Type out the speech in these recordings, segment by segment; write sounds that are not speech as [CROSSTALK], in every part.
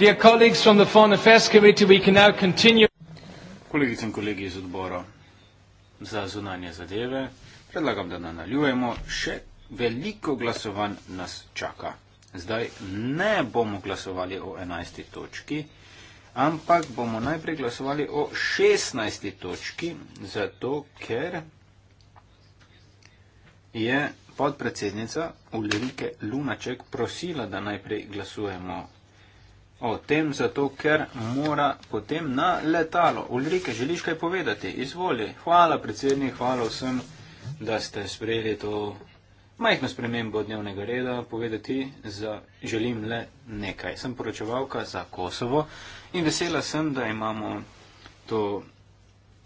Dear colleagues from the Foreign Affairs Committee, we can now continue. Kolegice in kolegi iz odbora za zunanje zadeve, predlagam, da nadaljujemo. Še veliko glasovanj nas čaka. Zdaj ne bomo glasovali o 11. točki, ampak bomo najprej glasovali o 16. točki, zato ker je podpredsednica Ulrike Lunaček prosila, da najprej glasujemo O tem, zato ker mora potem na letalo. Ulrike, želiš kaj povedati? Izvoli. Hvala, predsednik, hvala vsem, da ste sprejeli to majhno spremembo dnevnega reda. Povedati za, želim le nekaj. Sem poročevalka za Kosovo in vesela sem, da imamo to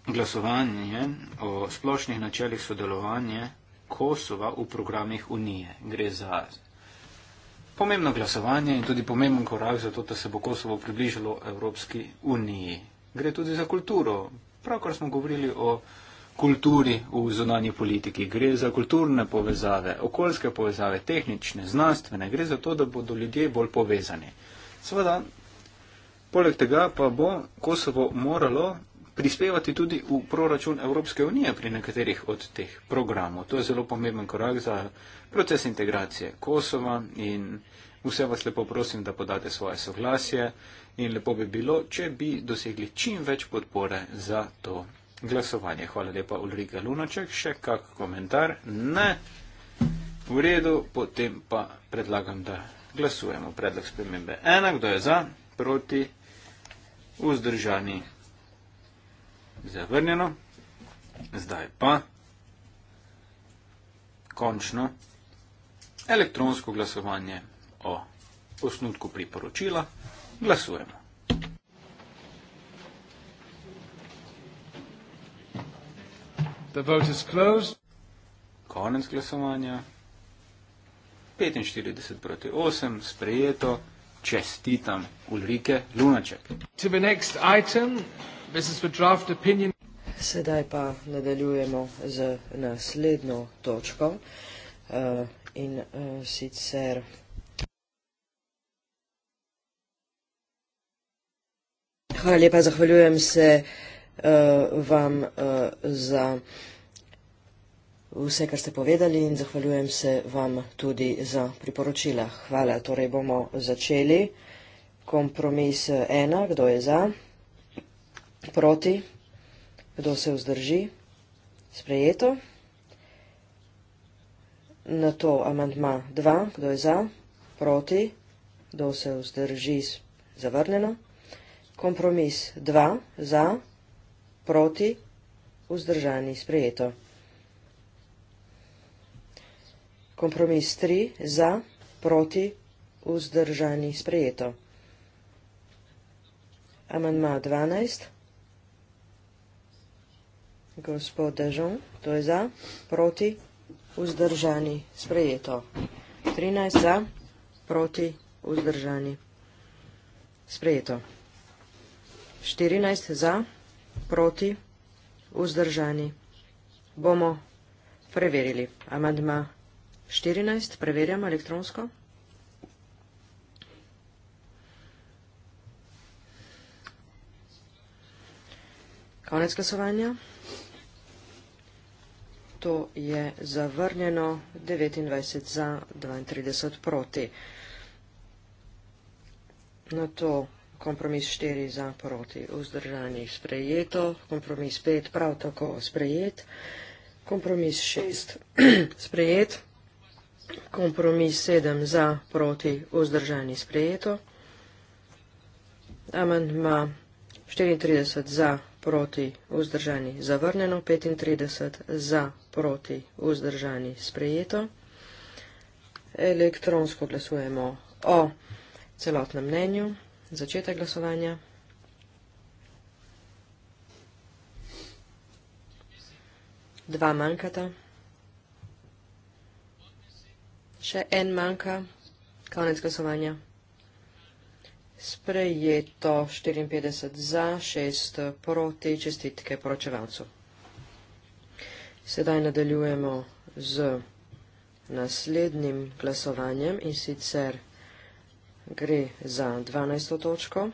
glasovanje o splošnih načelih sodelovanja Kosova v programih Unije. Gre za pomembno glasovanje in tudi pomemben korak za to, da se bo Kosovo približalo Evropski uniji. Gre tudi za kulturo. Pravkar smo govorili o kulturi v zunanji politiki. Gre za kulturne povezave, okoljske povezave, tehnične, znanstvene. Gre za to, da bodo ljudje bolj povezani. Seveda, poleg tega pa bo Kosovo moralo prispevati tudi v proračun Evropske unije pri nekaterih od teh programov. To je zelo pomemben korak za proces integracije Kosova in vse vas lepo prosim, da podate svoje soglasje in lepo bi bilo, če bi dosegli čim več podpore za to glasovanje. Hvala lepa, Ulrika Lunaček. Še kak komentar? Ne. V redu, potem pa predlagam, da glasujemo. Predlog spremembe. Enak, kdo je za? Proti? Vzdržani zavrnjeno. Zdaj pa končno elektronsko glasovanje o osnutku priporočila. Glasujemo. The vote is closed. Konec glasovanja. 45 proti 8, sprejeto. Čestitam Ulrike Lunaček. To the next item. Sedaj pa nadaljujemo z naslednjo točko uh, in uh, sicer. Hvala lepa, zahvaljujem se uh, vam uh, za vse, kar ste povedali in zahvaljujem se vam tudi za priporočila. Hvala, torej bomo začeli. Kompromis ena, kdo je za? proti, kdo se vzdrži, sprejeto. Na to amantma 2, kdo je za, proti, kdo se vzdrži, zavrnjeno. Kompromis 2, za, proti, vzdržani, sprejeto. Kompromis 3, za, proti, vzdržani, sprejeto. Amantma 12 gospod Dežon, to je za, proti, vzdržani, sprejeto. 13 za, proti, vzdržani, sprejeto. 14 za, proti, vzdržani, bomo preverili. Amandma 14, preverjam elektronsko. Konec glasovanja to je zavrnjeno 29 za 32 proti. Na to kompromis 4 za proti vzdržanih sprejeto, kompromis 5 prav tako sprejet, kompromis 6 [CLEARS THROAT] sprejet, kompromis 7 za proti vzdržanih sprejeto, amandma 34 za proti proti, vzdržani, zavrnjeno, 35 za, proti, vzdržani, sprejeto. Elektronsko glasujemo o celotnem mnenju. Začetek glasovanja. Dva manjkata. Še en manjka. Konec glasovanja sprejeto 54 za, 6 proti, čestitke poročevalcu. Sedaj nadaljujemo z naslednjim glasovanjem in sicer gre za 12. točko.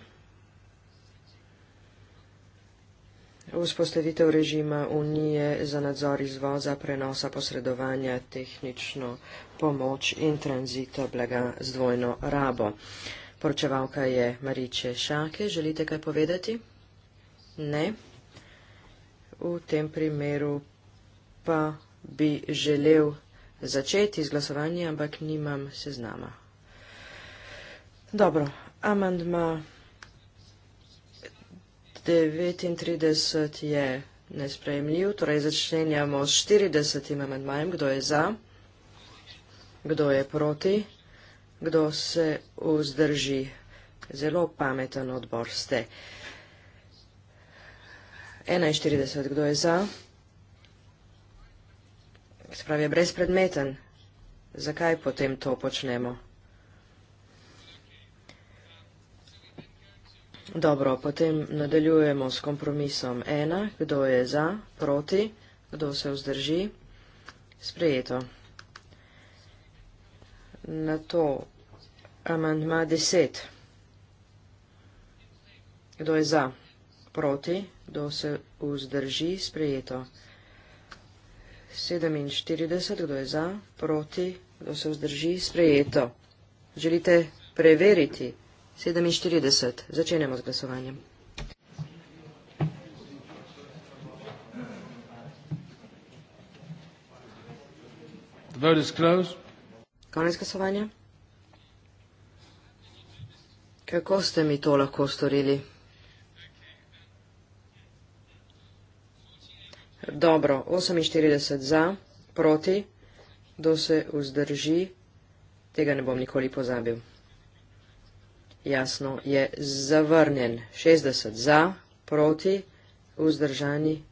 Vzpostavitev režima Unije za nadzor izvoza, prenosa, posredovanja, tehnično pomoč in tranzito blaga z dvojno rabo. Uh, Poročevalka je Mariče Šake. Želite kaj povedati? Ne. V tem primeru pa bi želel začeti z glasovanjem, ampak nimam seznama. Dobro, amandma 39 je nesprejemljiv, torej začenjamo s 40 amandmajem. Kdo je za? Kdo je proti? Kdo je proti? kdo se vzdrži. Zelo pameten odbor ste. 41, kdo je za? Spravi, je brezpredmeten. Zakaj potem to počnemo? Dobro, potem nadaljujemo s kompromisom. Ena, kdo je za, proti, kdo se vzdrži, sprejeto na to amandma 10. Kdo je za? Proti? Kdo se vzdrži? Sprejeto. 47. Kdo je za? Proti? Kdo se vzdrži? Sprejeto. Želite preveriti? 47. Začenjamo z glasovanjem. Vote is closed. Konec glasovanja. Kako ste mi to lahko storili? Dobro, 48 za, proti, kdo se vzdrži, tega ne bom nikoli pozabil. Jasno, je zavrnjen, 60 za, proti, vzdržani,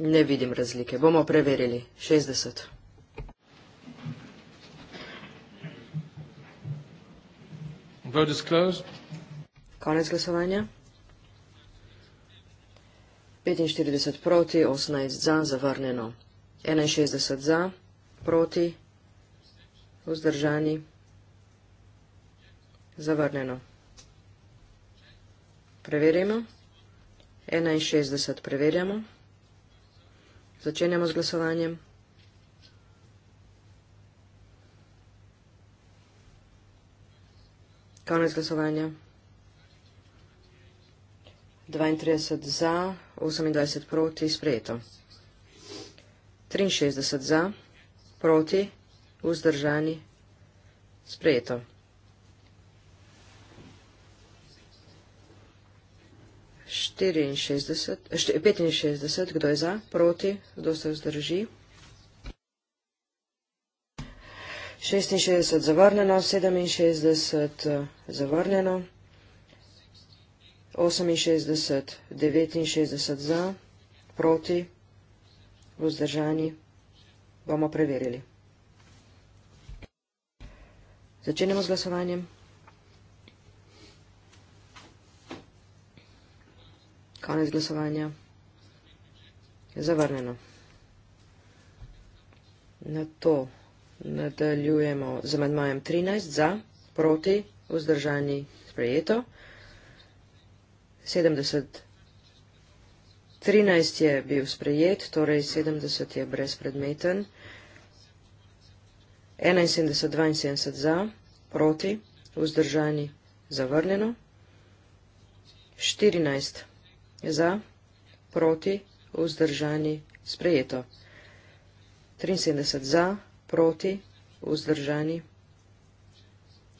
Ne vidim razlike. Bomo preverili. 60. Vote is closed. Konec glasovanja. 45 proti, 18 za, zavrneno. 61 za, proti, vzdržani, zavrneno. Preverimo. 61 preverjamo. 61 preverjamo. Začenjamo z glasovanjem. Konec glasovanja. 32 za, 28 proti, sprejeto. 63 za, proti, vzdržani, sprejeto. 64, 65, kdo je za, proti, kdo se vzdrži. 66 zavrnjeno, 67 eh, zavrnjeno, 68, 69 za, proti, vzdržani, bomo preverili. Začenjamo z glasovanjem. Konec glasovanja. Zavrnjeno. Na to nadaljujemo z amandmajem 13 za, proti, vzdržani, sprejeto. 70. 13 je bil sprejet, torej 70 je brezpredmeten. 71, 72 za, proti, vzdržani, zavrnjeno. 14 za, proti, vzdržani, sprejeto. 73 za, proti, vzdržani,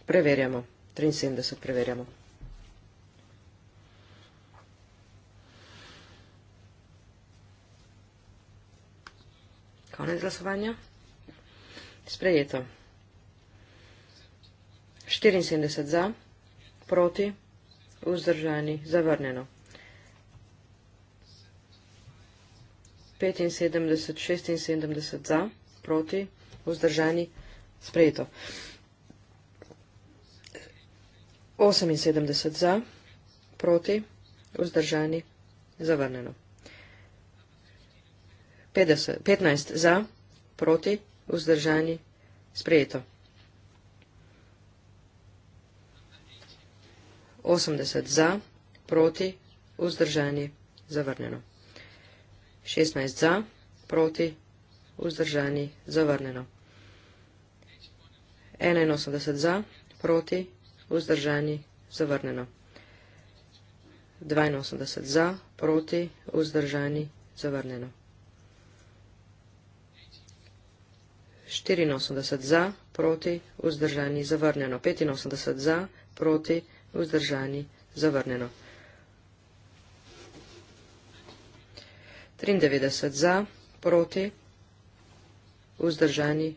preverjamo. 73 preverjamo. Konec glasovanja. Sprejeto. 74 za, proti, vzdržani, zavrnjeno. 75, 76 za, proti, vzdržani, sprejeto. 78 za, proti, vzdržani, zavrnjeno. 50, 15 za, proti, vzdržani, sprejeto. 80 za, proti, vzdržani, zavrnjeno. 16 za, proti, vzdržani, zavrnjeno. 81 za, proti, vzdržani, zavrnjeno. 82 za, proti, vzdržani, zavrnjeno. 84 za, proti, vzdržani, zavrnjeno. 85 za, proti, vzdržani, zavrnjeno. 85 za, proti, vzdržani, zavrnjeno. 93 za, proti, vzdržani,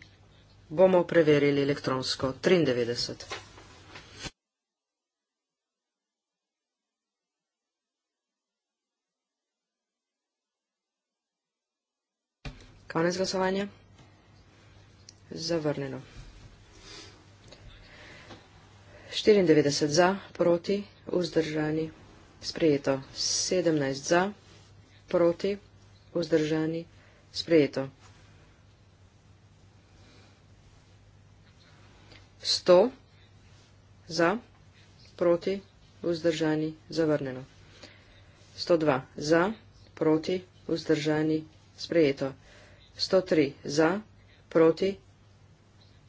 bomo preverili elektronsko 93. Konec glasovanja. Zavrnjeno. 94 za, proti, vzdržani, sprejeto 17 za, proti vzdržani, sprejeto. Sto za, proti, vzdržani, zavrneno. Sto dva za, proti, vzdržani, sprejeto. Sto tri za, proti,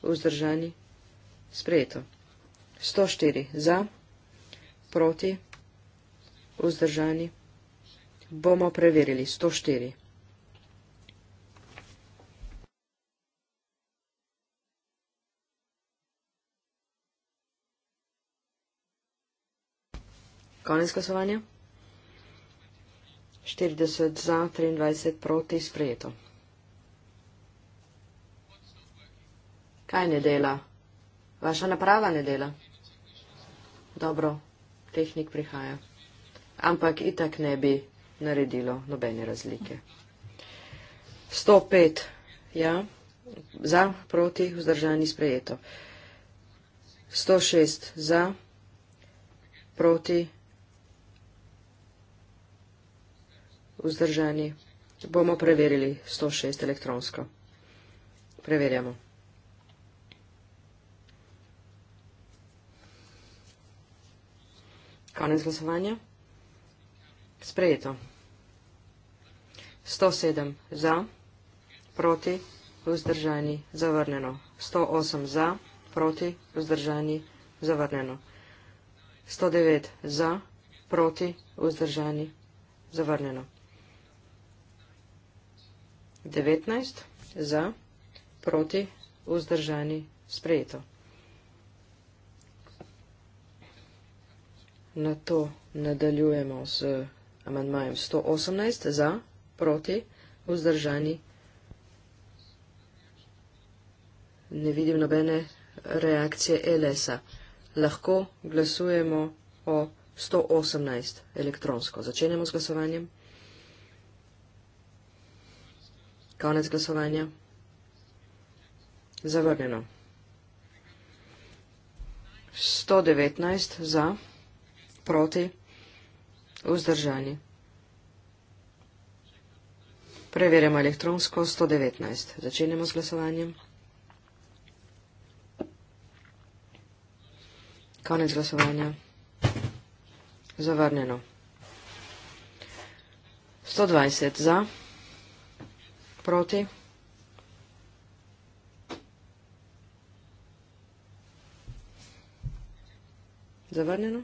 vzdržani, sprejeto. Sto štiri za, proti, vzdržani, sprejeto. Bomo preverili 104. Konec glasovanja. 40 za, 23 proti, sprejeto. Kaj ne dela? Vaša naprava ne dela? Dobro, tehnik prihaja. Ampak itak ne bi naredilo nobene razlike. 105, ja, za, proti, vzdržani, sprejeto. 106, za, proti, vzdržani, bomo preverili 106 elektronsko. Preverjamo. Konec glasovanja. Sprejeto. 107 za, proti, vzdržani, zavrneno. 108 za, proti, vzdržani, zavrneno. 109 za, proti, vzdržani, zavrneno. 19 za, proti, vzdržani, sprejeto. Na to nadaljujemo z vzdržanjem amandmajem 118 za, proti, vzdržani. Ne vidim nobene reakcije LS-a. Lahko glasujemo o 118 elektronsko. Začenjamo z glasovanjem. Konec glasovanja. Zavrnjeno. 119 za, proti, vzdržani vzdržani. Preverjamo elektronsko 119. Začenjamo z glasovanjem. Konec glasovanja. Zavrnjeno. 120 za. Proti. Zavrnjeno.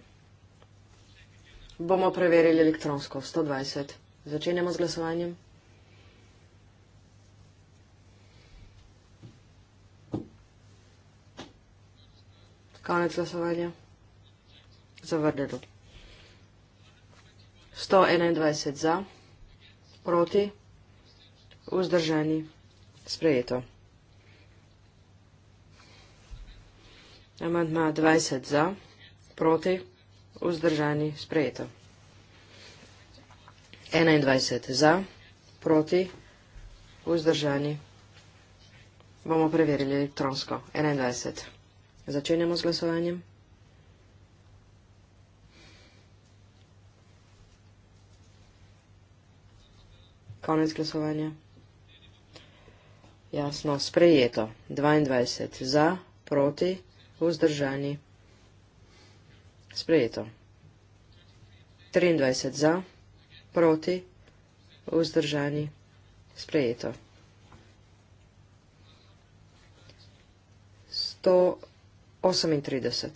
Bomo preverili elektronsko. 120. Začenjamo z glasovanjem. Konec glasovanja. Zavrnjeno. 121 za, proti, vzdržani, sprejeto. Amandma 20 za, proti vzdržani sprejeto. 21 za, proti, vzdržani. Bomo preverili elektronsko. 21. Začenjamo z glasovanjem. Konec glasovanja. Jasno, sprejeto. 22 za, proti, vzdržani. Sprejeto. 23 za, proti, vzdržani. Sprejeto. 138.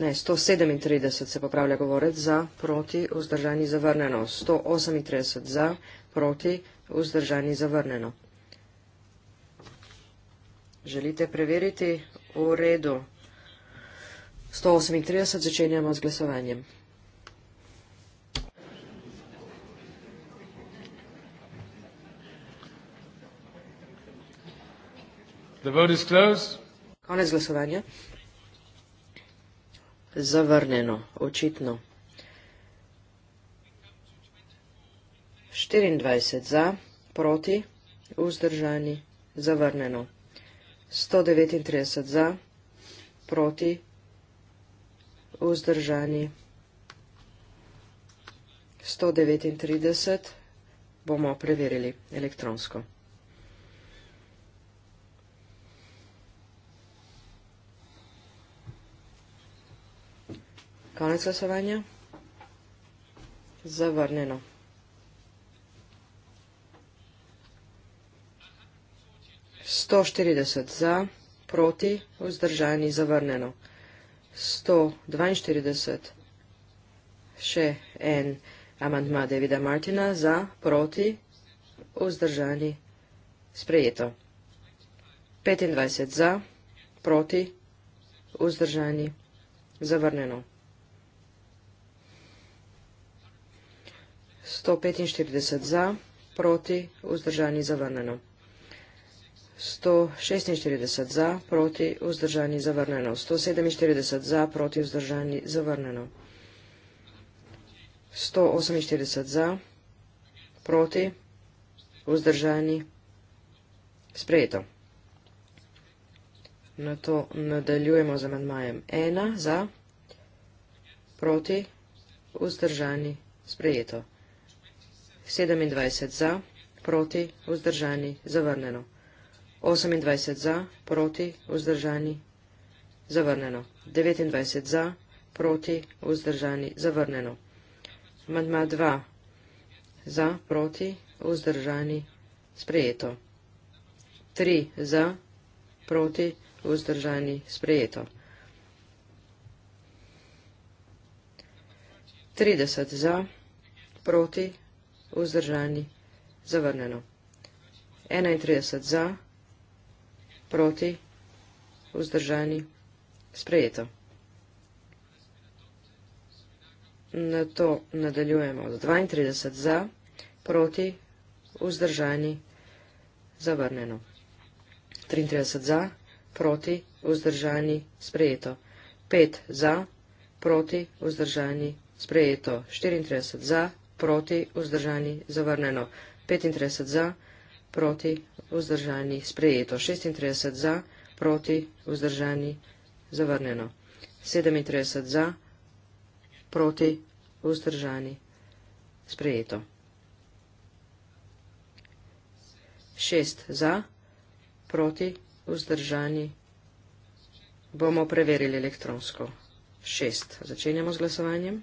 Ne, 137 se popravlja govorec za, proti, vzdržani, zavrneno. 138 za, proti, vzdržani, zavrneno. Želite preveriti? V redu. 138 začenjamo z glasovanjem. The vote is closed. Konec glasovanja. Zavrnjeno, očitno. 24 za, proti, vzdržani, zavrnjeno. 139 za, proti, vzdržani vzdržani. 139 bomo preverili elektronsko. Konec glasovanja. Zavrneno. Sto štirideset za, proti, vzdržani, zavrneno. 142. Še en amantma Davida Martina za, proti, vzdržani, sprejeto. 25 za, proti, vzdržani, zavrneno. 145 za, proti, vzdržani, zavrneno. 146 za, proti, vzdržani, zavrneno. 147 za, proti, vzdržani, zavrneno. 148 za, proti, vzdržani, sprejeto. Na to nadaljujemo z amandmajem 1 za, proti, vzdržani, sprejeto. 27 za, proti, vzdržani, zavrneno. 28 za, proti, vzdržani, zavrneno. 29 za, proti, vzdržani, zavrneno. Madma 2 za, proti, vzdržani, sprejeto. 3 za, proti, vzdržani, sprejeto. 30 za, proti, vzdržani, zavrneno. 31 za, proti, vzdržani, zavrneno proti, vzdržani, sprejeto. Na to nadaljujemo od 32 za, proti, vzdržani, zavrneno. 33 za, proti, vzdržani, sprejeto. 5 za, proti, vzdržani, sprejeto. 34 za, proti, vzdržani, zavrneno. 35 za, proti, vzdržani, zavrneno proti, vzdržani, sprejeto, 36 za, proti, vzdržani, zavrnjeno, 37 za, proti, vzdržani, sprejeto, 6 za, proti, vzdržani, bomo preverili elektronsko, 6, začenjamo z glasovanjem.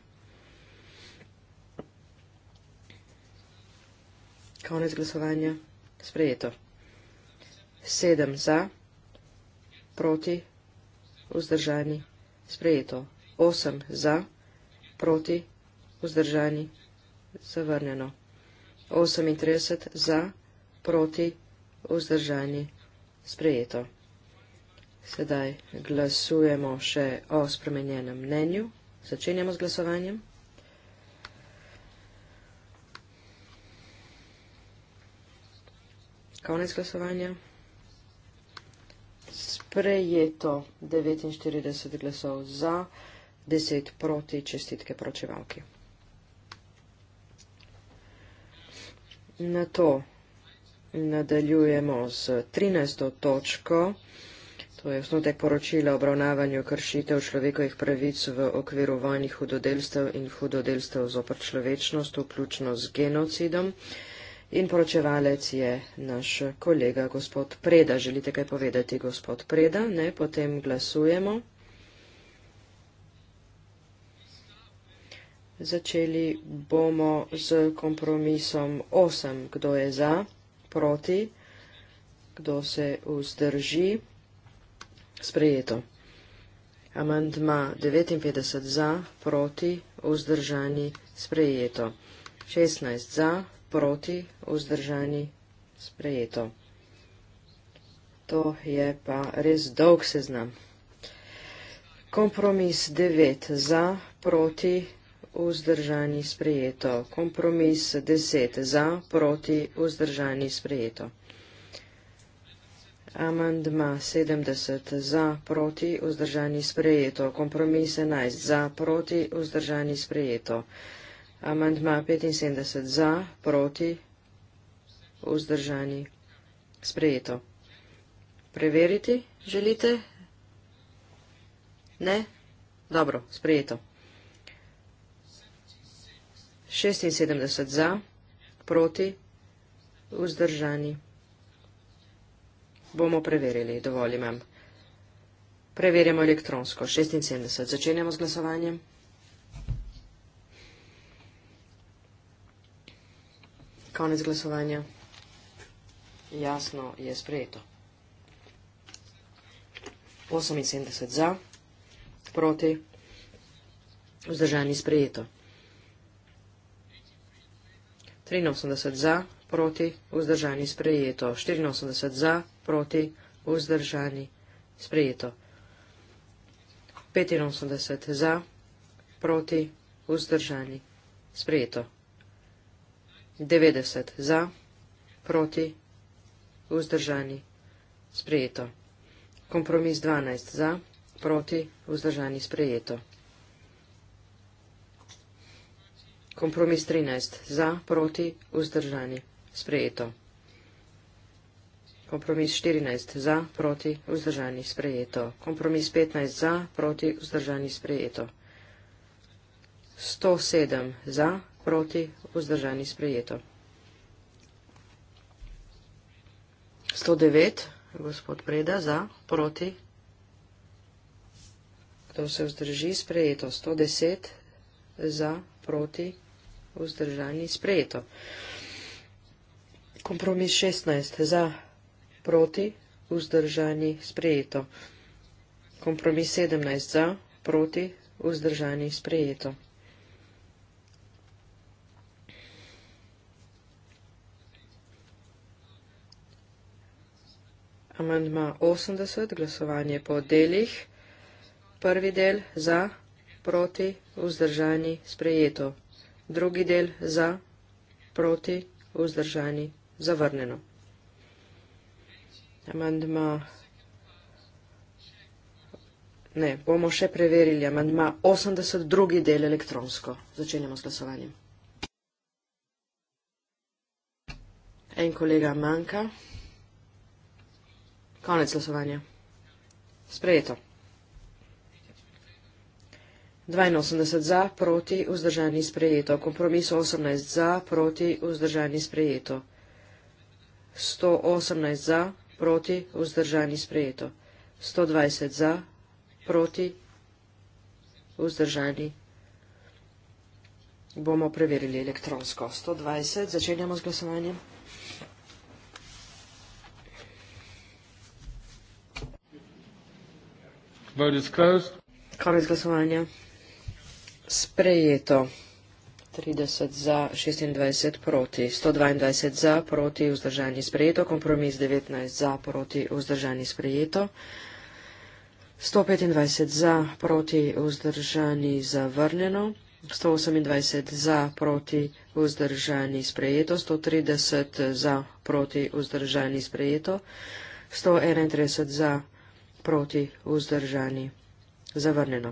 Konec glasovanja. Sprejeto. Sedem za, proti, vzdržani, sprejeto. Osem za, proti, vzdržani, zavrnjeno. 38 za, proti, vzdržani, sprejeto. Sedaj glasujemo še o spremenjenem mnenju. Začenjamo z glasovanjem. konec glasovanja. Sprejeto 49 glasov za, 10 proti, čestitke pročevalki. Na to nadaljujemo z 13. točko, to je osnotek poročila o obravnavanju kršitev človekovih pravic v okviru vojnih hudodelstev in hudodelstev zopr človečnost, vključno z genocidom. In poročevalec je naš kolega gospod Preda. Želite kaj povedati, gospod Preda? Ne, potem glasujemo. Začeli bomo z kompromisom 8. Kdo je za, proti, kdo se vzdrži? Sprejeto. Amandma 59 za, proti, vzdržani, sprejeto. 16 za, proti, vzdržani, sprejeto. To je pa res dolg seznam. Kompromis 9. Za, proti, vzdržani, sprejeto. Kompromis 10. Za, proti, vzdržani, sprejeto. Amandma 70. Za, proti, vzdržani, sprejeto. Kompromis 11. Za, proti, vzdržani, sprejeto. Amandma 75 za, proti, vzdržani, sprejeto. Preveriti želite? Ne? Dobro, sprejeto. 76 za, proti, vzdržani. Bomo preverili, dovolj imam. Preverjamo elektronsko. 76. Začenjamo z glasovanjem. 76. Konec glasovanja. Jasno je sprejeto. 78 za, proti, vzdržani sprejeto. 83 za, proti, vzdržani sprejeto. 84 za, proti, vzdržani sprejeto. 85 za, proti, vzdržani sprejeto. 90 za, proti, vzdržani, sprejeto. Kompromis 12 za, proti, vzdržani, sprejeto. Kompromis 13 za, proti, vzdržani, sprejeto. Kompromis 14 za, proti, vzdržani, sprejeto. Kompromis 15 za, proti, vzdržani, sprejeto. 107 za, proti, vzdržani sprejeto. 109, gospod Preda, za, proti, kdo se vzdrži, sprejeto. 110, za, proti, vzdržani sprejeto. Kompromis 16, za, proti, vzdržani sprejeto. Kompromis 17, za, proti, vzdržani sprejeto. amandma 80, glasovanje po delih, prvi del za, proti, vzdržani, sprejeto, drugi del za, proti, vzdržani, zavrneno. Amandma, ne, bomo še preverili, amandma 80, drugi del elektronsko, začenjamo s glasovanjem. En kolega manjka. Konec glasovanja. Sprejeto. 82 za, proti, vzdržani sprejeto. Kompromis 18 za, proti, vzdržani sprejeto. 118 za, proti, vzdržani sprejeto. 120 za, proti, vzdržani. Bomo preverili elektronsko. 120, začenjamo z glasovanjem. Vote is closed. Konec glasovanja. Sprejeto. 30 za, 26 proti, 122 za, proti, vzdržani sprejeto, kompromis 19 za, proti, vzdržani sprejeto, 125 za, proti, vzdržani zavrnjeno, 128 za, proti, vzdržani sprejeto, 130 za, proti, vzdržani sprejeto, 131 za, proti, proti vzdržani. Zavrnjeno.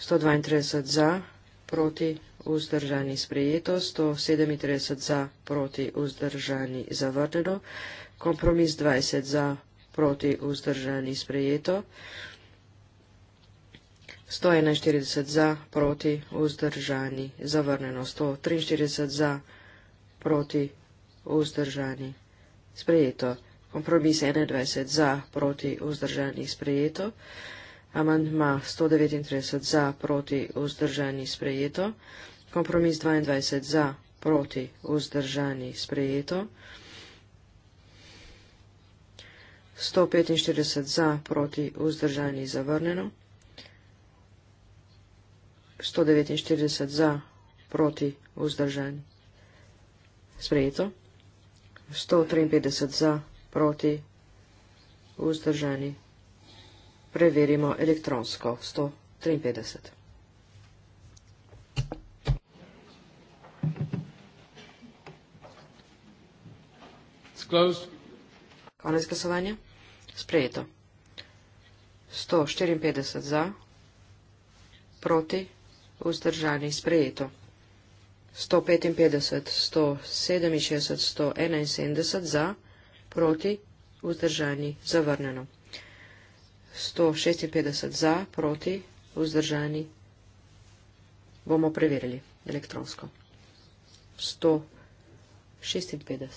132 za, proti vzdržani sprejeto, 137 za, proti vzdržani zavrnjeno, kompromis 20 za, proti vzdržani sprejeto, 141 za, proti vzdržani zavrnjeno, 143 za, proti vzdržani sprejeto kompromis 21 za, proti vzdržanih sprejeto, amandma 139 za, proti vzdržanih sprejeto, kompromis 22 za, proti vzdržanih sprejeto, 145 za, proti vzdržanih zavrnjeno, 149 za, proti vzdržanih sprejeto, 153 za, proti vzdržanih sprejeto, proti, vzdržani. Preverimo elektronsko, 153. Konec glasovanja? Sprejeto. 154 za, proti, vzdržani, sprejeto. 155, 167, 171 za proti, vzdržani, zavrnjeno. 156 za, proti, vzdržani, bomo preverili elektronsko. 156.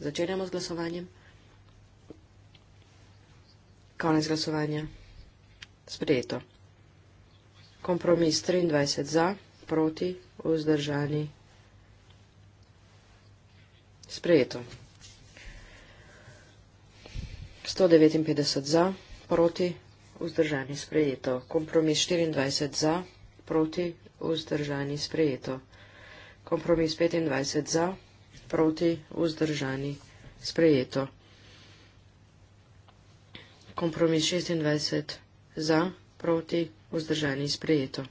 Začenjamo z glasovanjem. Konec glasovanja. Sprejeto. Kompromis 23 za, proti, vzdržani. Sprejeto. 159 za, proti, vzdržani sprejeto. Kompromis 24 za, proti, vzdržani sprejeto. Kompromis 25 za, proti, vzdržani sprejeto. Kompromis 26 za, proti, vzdržani sprejeto.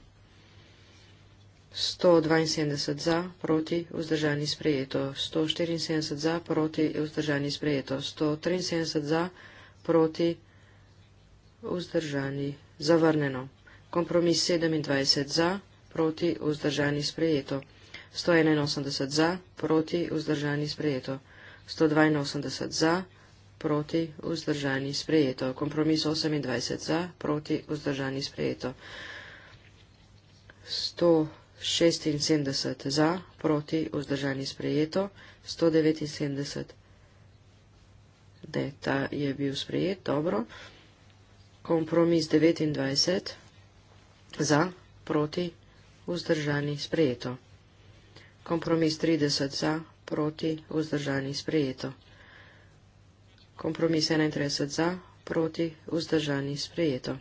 172 za, proti, vzdržani sprejeto, 174 za, proti, vzdržani sprejeto, 173 za, proti, vzdržani, zavrneno. Kompromis 27 za, proti, vzdržani sprejeto, 181 za, proti, vzdržani sprejeto, 182 za, proti, vzdržani sprejeto, kompromis 28 za, proti, vzdržani sprejeto, 100 76 za, proti, vzdržani sprejeto, 179, ne, ta je bil sprejet, dobro, kompromis 29 za, proti, vzdržani sprejeto, kompromis 30 za, proti, vzdržani sprejeto, kompromis 31 za, proti, vzdržani sprejeto, kompromis 31 za,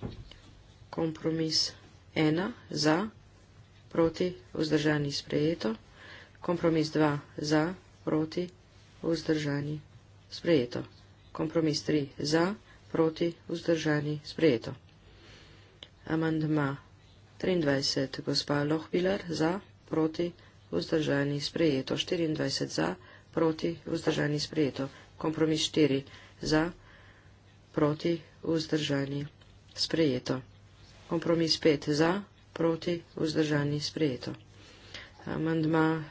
proti, vzdržani sprejeto, kompromis 1 za, proti, vzdržani, sprejeto, kompromis 2 za, proti, vzdržani, sprejeto, kompromis 3 za, proti, vzdržani, sprejeto. Amandma 23, gospa Lohbiler, za, proti, vzdržani, sprejeto, 24 za, proti, vzdržani, sprejeto, kompromis 4 za, proti, vzdržani, sprejeto kompromis 5 za, proti, vzdržani, sprejeto. Amandma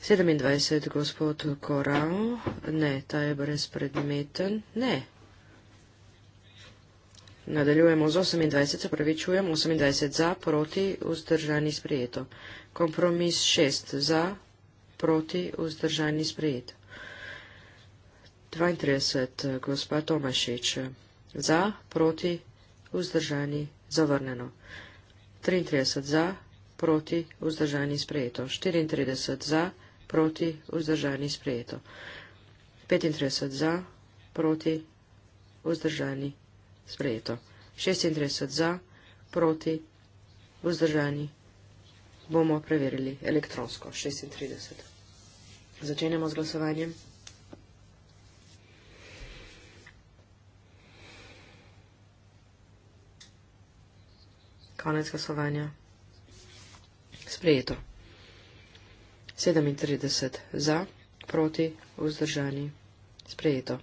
27, gospod Korao, ne, ta je brezpredmeten, ne. Nadaljujemo z 28, se pravi čujem, 28 za, proti, vzdržani, sprejeto. Kompromis 6 za, proti, vzdržani, sprejeto. 32, gospa Tomašič, za, proti, vzdržani, sprejeto zavrnjeno. 33 za, proti, vzdržani sprejeto. 34 za, proti, vzdržani sprejeto. 35 za, proti, vzdržani sprejeto. 36 za, proti, vzdržani bomo preverili elektronsko. 36. Začenjamo z glasovanjem. Konec glasovanja. Sprejeto. 37 za, proti, vzdržani. Sprejeto.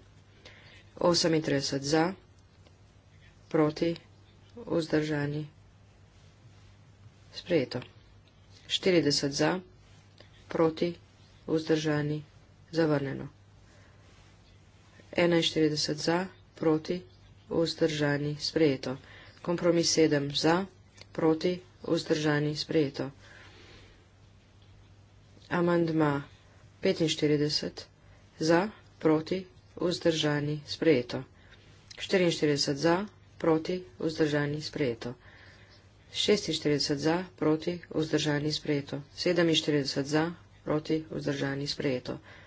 38 za, proti, vzdržani. Sprejeto. 40 za, proti, vzdržani. Zavrnjeno. 41 za, proti, vzdržani. Sprejeto. Kompromis 7 za, proti, vzdržani proti, vzdržani, sprejeto. Amandma 45, za, proti, vzdržani, sprejeto. 44 za, proti, vzdržani, sprejeto. 46 za, proti, vzdržani, sprejeto. 47 za, proti, vzdržani, sprejeto. 48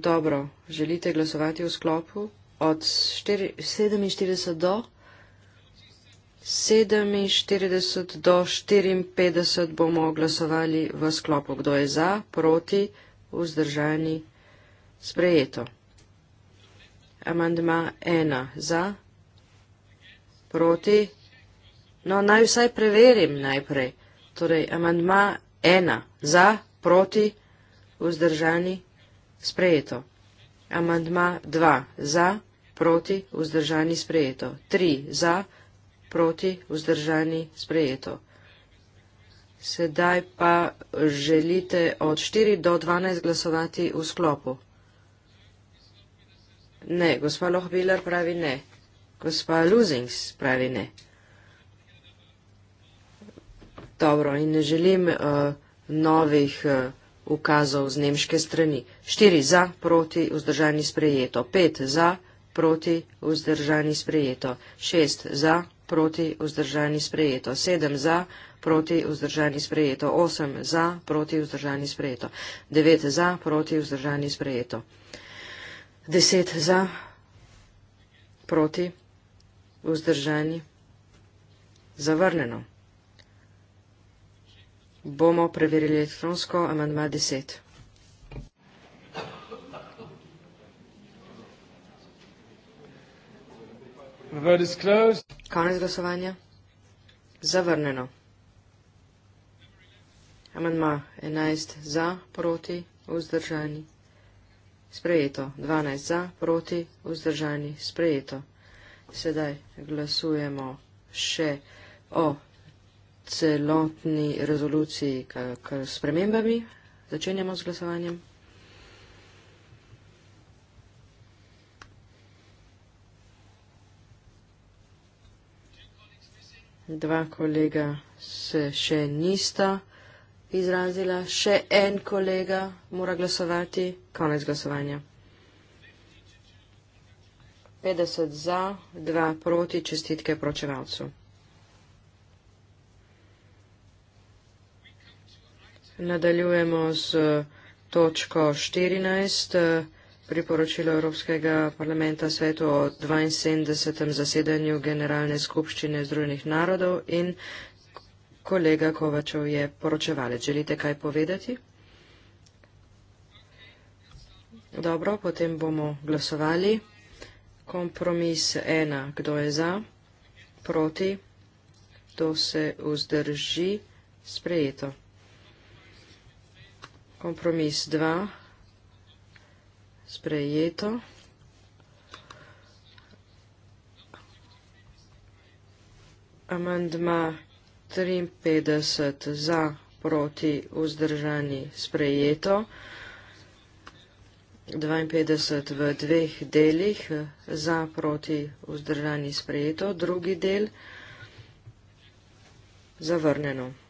dobro, želite glasovati v sklopu od 47 do 47 do 54 bomo glasovali v sklopu. Kdo je za, proti, vzdržani, sprejeto. Amandma ena za, proti. No, naj vsaj preverim najprej. Torej, amandma ena za, proti, vzdržani, sprejeto. Sprejeto. Amandma 2. Za, proti, vzdržani, sprejeto. 3. Za, proti, vzdržani, sprejeto. Sedaj pa želite od 4 do 12 glasovati v sklopu. Ne, gospa Lohbiler pravi ne. Gospa Luzings pravi ne. Dobro, in ne želim uh, novih. Uh, ukazov z nemške strani. Štiri za, proti, vzdržani sprejeto. Pet za, proti, vzdržani sprejeto. Šest za, proti, vzdržani sprejeto. Sedem za, proti, vzdržani sprejeto. Osem za, proti, vzdržani sprejeto. Devet za, proti, vzdržani sprejeto. Deset za, proti, vzdržani, zavrneno bomo preverili elektronsko amandma 10. Konec glasovanja. Zavrneno. Amandma 11 za, proti, vzdržani. Sprejeto. 12 za, proti, vzdržani. Sprejeto. Sedaj glasujemo še o celotni rezoluciji k spremembami. Začenjamo z glasovanjem. Dva kolega se še nista izrazila, še en kolega mora glasovati. Konec glasovanja. 50 za, 2 proti, čestitke pročevalcu. Nadaljujemo z eh, točko 14 eh, priporočilo Evropskega parlamenta svetu o 72. zasedanju Generalne skupščine Združenih narodov in kolega Kovačev je poročevalec. Želite kaj povedati? Dobro, potem bomo glasovali. Kompromis ena. Kdo je za? Proti? Kdo se vzdrži? Sprejeto kompromis 2, sprejeto. Amandma 53 za proti vzdržani sprejeto. 52 v dveh delih za proti vzdržani sprejeto. Drugi del zavrneno.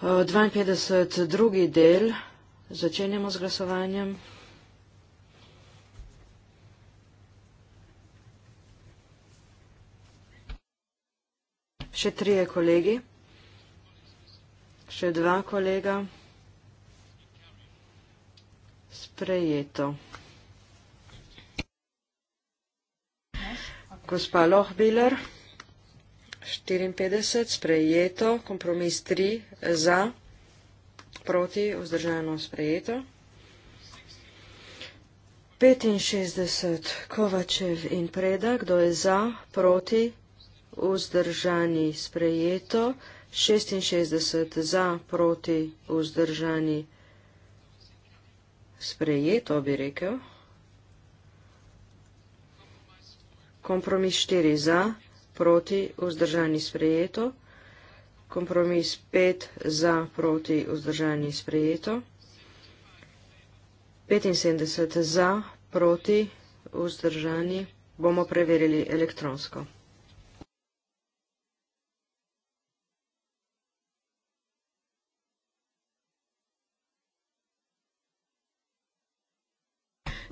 52. drugi del. Začenjamo z glasovanjem. Še trije kolegi. Še dva kolega. Sprejeto. Gospa Lohbiler. Gospa Lohbiler. 54, sprejeto, kompromis 3, za, proti, vzdržajeno, sprejeto. 65, Kovačev in Preda, kdo je za, proti, vzdržani, sprejeto. 66, za, proti, vzdržani, sprejeto, bi rekel. Kompromis 4, za, proti, vzdržani sprejeto. Kompromis 5 za, proti, vzdržani sprejeto. 75 za, proti, vzdržani bomo preverili elektronsko.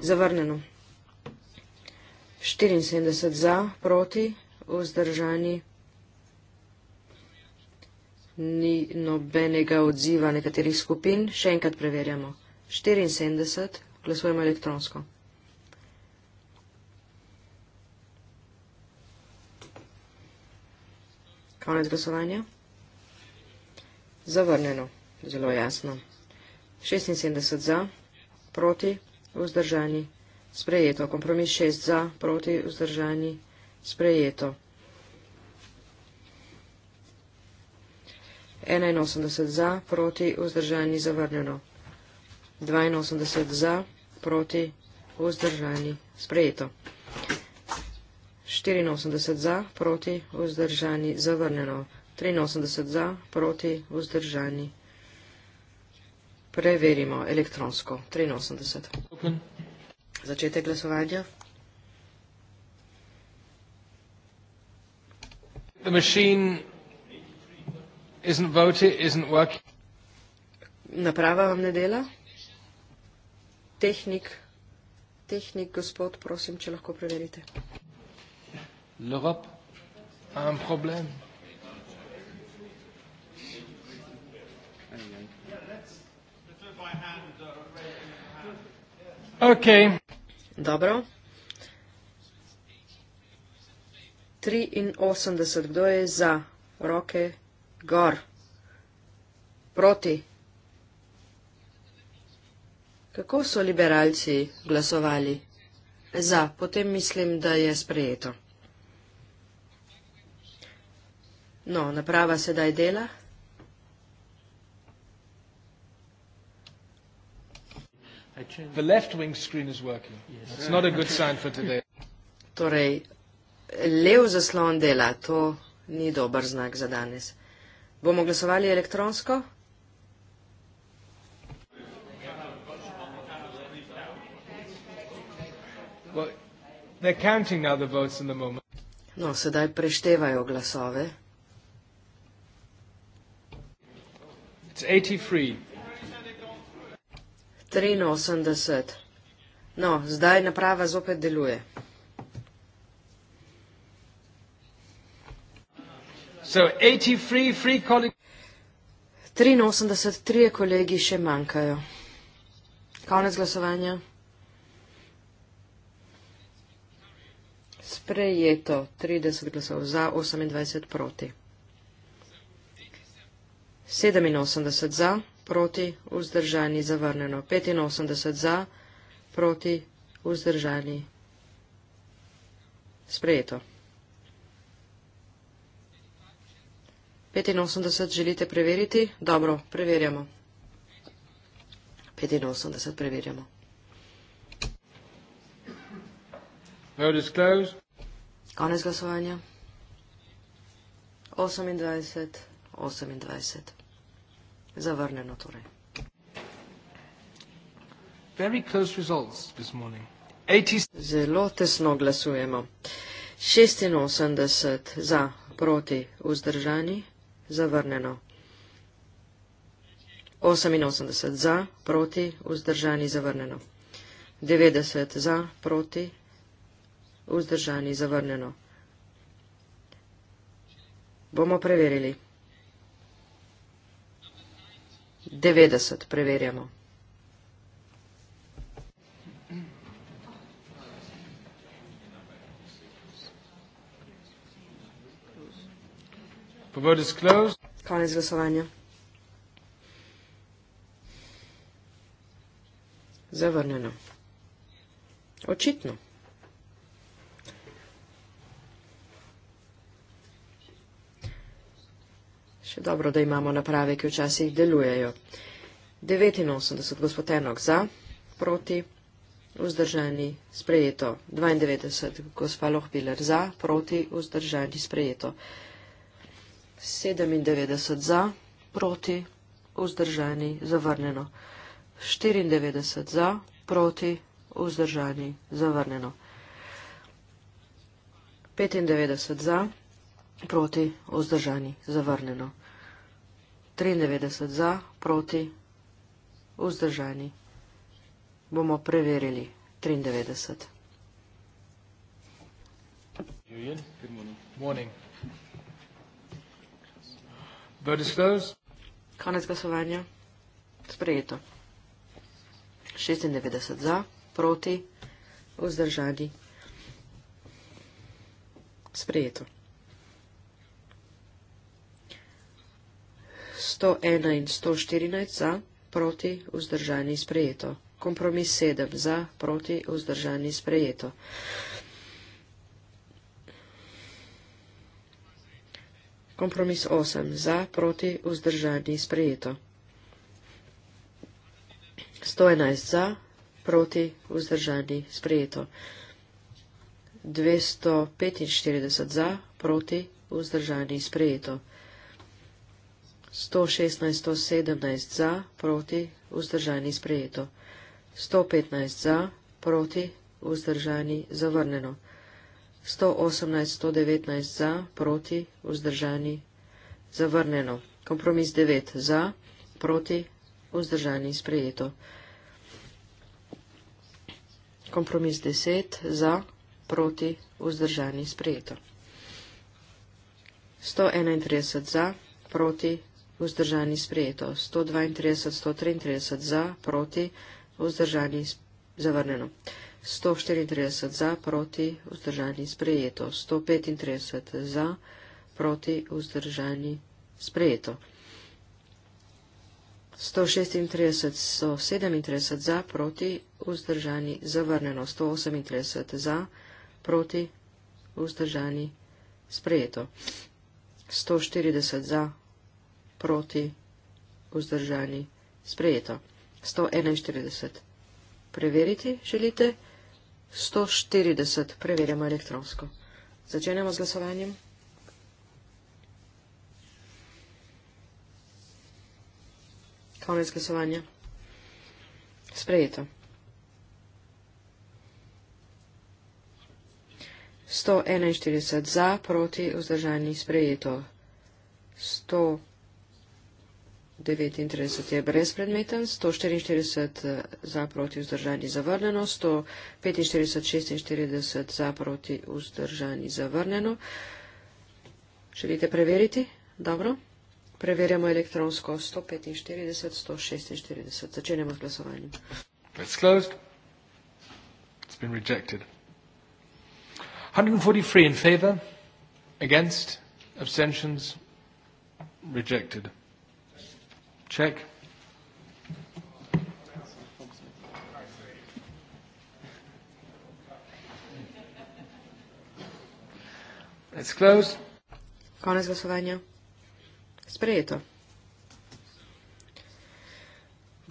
Zavrnjeno. 74 za, proti, vzdržani. Ni nobenega odziva nekaterih skupin. Še enkrat preverjamo. 74. Glasujemo elektronsko. Konec glasovanja. Zavrnjeno. Zelo jasno. 76 za, proti, vzdržani. Sprejeto. Kompromis 6 za, proti, vzdržani sprejeto. 81 za, proti, vzdržani, zavrnjeno. 82 za, proti, vzdržani, sprejeto. 84 za, proti, vzdržani, zavrnjeno. 83 za, proti, vzdržani. Preverimo elektronsko. 83. Začetek glasovanja. The machine isn't voting, isn't working. Naprava vam ne dela? Tehnik, tehnik, gospod, prosim, če lahko preverite. L'Europe a un problème. Okay. Dobro. 83, kdo je za, roke gor, proti. Kako so liberalci glasovali? Za, potem mislim, da je sprejeto. No, naprava sedaj dela. The left wing screen is working. It's not a good sign for today. Torej, lev zaslon dela, to ni dober znak za danes. Bomo glasovali elektronsko? No, sedaj preštevajo glasove. 83. No, zdaj naprava zopet deluje. 83 trije kolegi še manjkajo. Konec glasovanja. Sprejeto 30 glasov za, 28 proti. 87 za, proti, vzdržani, zavrneno. 85 za, proti, vzdržani. Sprejeto. 85 želite preveriti? Dobro, preverjamo. 85 preverjamo. Konec glasovanja. 28, 28. Zavrneno torej. Zelo tesno glasujemo. 86 za proti vzdržani, zavrnjeno. 88 za, proti, vzdržani, zavrnjeno. 90 za, proti, vzdržani, zavrnjeno. Bomo preverili. 90 preverjamo. Konec glasovanja. Zavrnjeno. Očitno. Še dobro, da imamo naprave, ki včasih delujejo. 89, gospod Enok za, proti, vzdržani, sprejeto. 92, gospod Lohbiler za, proti, vzdržani, sprejeto. 97 za, proti, vzdržani, zavrnjeno. 94 za, proti, vzdržani, zavrnjeno. 95 za, proti, vzdržani, zavrnjeno. 93 za, proti, vzdržani. Bomo preverili 93. Good morning. Morning. Vodisclose. Konec glasovanja. Sprejeto. 96 za, proti, vzdržani. Sprejeto. 101 in 114 za, proti, vzdržani, sprejeto. Kompromis 7 za, proti, vzdržani, sprejeto. Kompromis 8. Za, proti, vzdržani, sprejeto. 111. Za, proti, vzdržani, sprejeto. 245. Za, proti, vzdržani, sprejeto. 116. 117. Za, proti, vzdržani, sprejeto. 115. Za, proti, vzdržani, zavrneno. 118, 119 za, proti, vzdržani, zavrnjeno. Kompromis 9 za, proti, vzdržani, sprejeto. Kompromis 10 za, proti, vzdržani, sprejeto. 131 za, proti, vzdržani, sprejeto. 132, 133 za, proti, vzdržani, zavrnjeno. 134 za, proti, vzdržani, sprejeto. 135 za, proti, vzdržani, sprejeto. 136 so 37 za, proti, vzdržani, zavrnjeno. 138 za, proti, vzdržani, sprejeto. 140 za, proti, vzdržani, sprejeto. 141. Preveriti želite? 140. Preverjamo elektronsko. Začenjamo z glasovanjem. Konec glasovanja. Sprejeto. 141 za, proti, vzdržani, sprejeto. 100. 39 je brezpredmeten, 144 eh, za proti vzdržani zavrnjeno, 145, 46 za proti vzdržani zavrnjeno. Želite preveriti? Dobro. Preverjamo elektronsko 145, 146. Začenjamo z glasovanjem. It's closed. It's been rejected. 143 in favor, against, abstentions, rejected. Check. Let's close. Konec glasovanja. Sprejeto.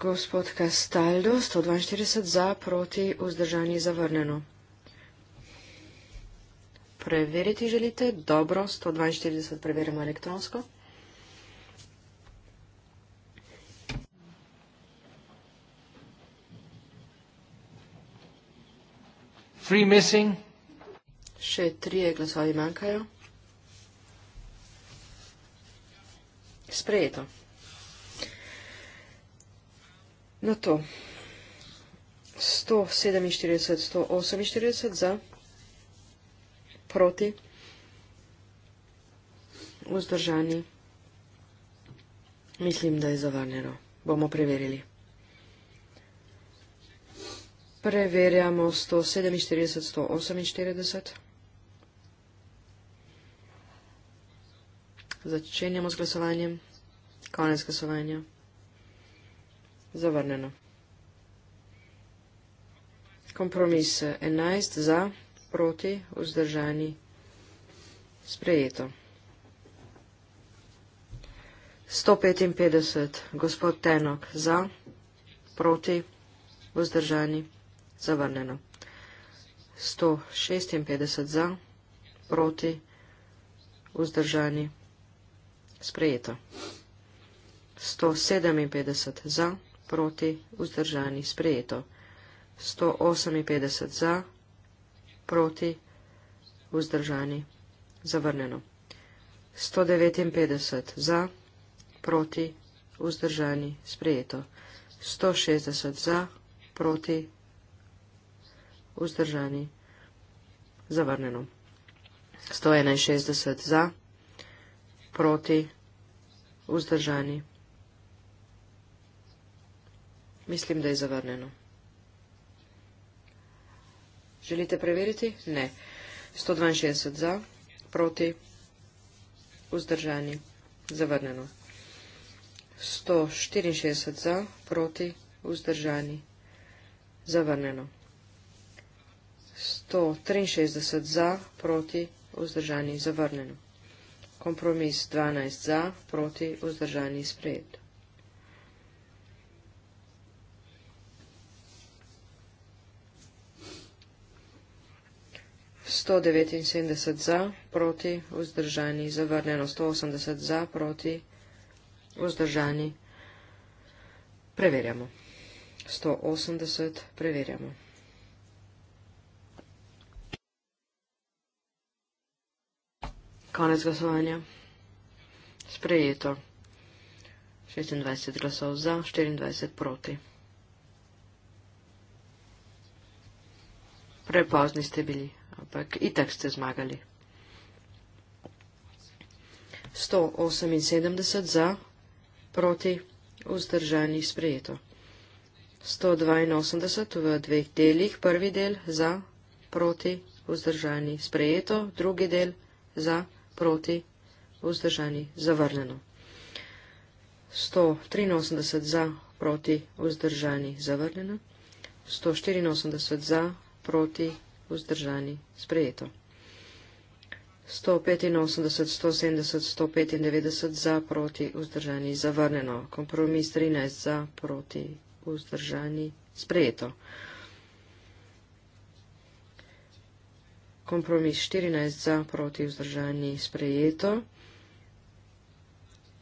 Gospod Castaldo, 142 za, proti, vzdržanje zavrneno. Preveriti želite? Dobro, 142 preverimo elektronsko. three missing. Še trije glasovi manjkajo. Sprejeto. Na no to. 147, 148 za, proti, vzdržani. Mislim, da je zavrnjeno. Bomo preverili. Preverjamo 147, 148. Začenjamo s glasovanjem. Konec glasovanja. Zavrneno. Kompromis 11 za, proti, vzdržani, sprejeto. 155, gospod Tenok, za, proti, vzdržani, sprejeto zavrnjeno. 156 za, proti, vzdržani, sprejeto. 157 za, proti, vzdržani, sprejeto. 158 za, proti, vzdržani, zavrnjeno. 159 za, proti, vzdržani, sprejeto. 160 za, proti, vzdržani, zavrneno. 161 za, proti, vzdržani. Mislim, da je zavrneno. Želite preveriti? Ne. 162 za, proti, vzdržani, zavrneno. 164 za, proti, vzdržani, zavrneno. 163 za, proti, vzdržani, zavrnjeno. Kompromis 12 za, proti, vzdržani, sprejeto. Sto devetinsedemdeset za, proti, vzdržani, zavrnjeno, sto osemdeset za, proti, vzdržani, preverjamo, sto osemdeset, preverjamo. Konec glasovanja. Sprejeto. 26 glasov za, 24 proti. Prepozni ste bili, ampak itak ste zmagali. 178 za, proti, vzdržani, sprejeto. 182 v dveh delih, prvi del za, proti, vzdržani, sprejeto, drugi del za, proti, vzdržani, zavrnjeno. 183 za, proti, vzdržani, zavrnjeno. 184 za, proti, vzdržani, sprejeto. 185, 170, 195 za, proti, vzdržani, zavrnjeno. Kompromis 13 za, proti, vzdržani, sprejeto. kompromis 14 za proti vzdržani sprejeto.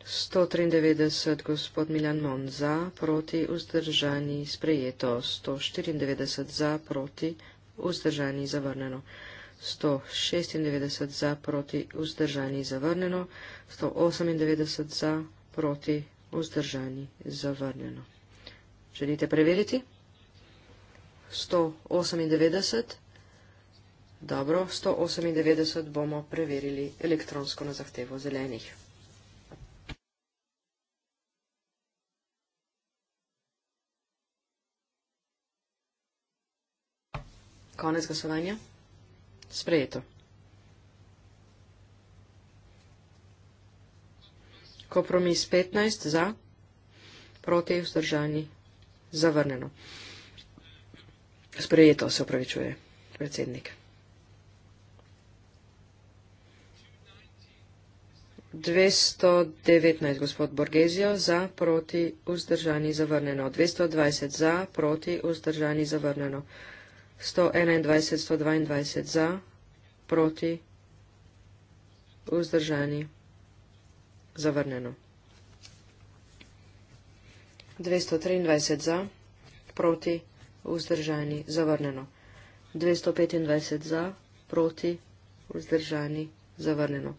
193 gospod Miljan Mon za proti vzdržani sprejeto. 194 za proti vzdržani zavrneno. 196 za proti vzdržani zavrneno. 198 za proti vzdržani zavrneno. Želite preveriti? 198 Dobro, 198 bomo preverili elektronsko na zahtevo zelenih. Konec glasovanja. Sprejeto. Kompromis 15 za, proti vzdržani zavrneno. Sprejeto se opravičuje predsednik. 219, gospod Borgezijo, za, proti, vzdržani, zavrnjeno. 220 za, proti, vzdržani, zavrnjeno. 121, 122 za, proti, vzdržani, zavrnjeno. 223 za, proti, vzdržani, zavrnjeno. 225 za, proti, vzdržani, zavrnjeno.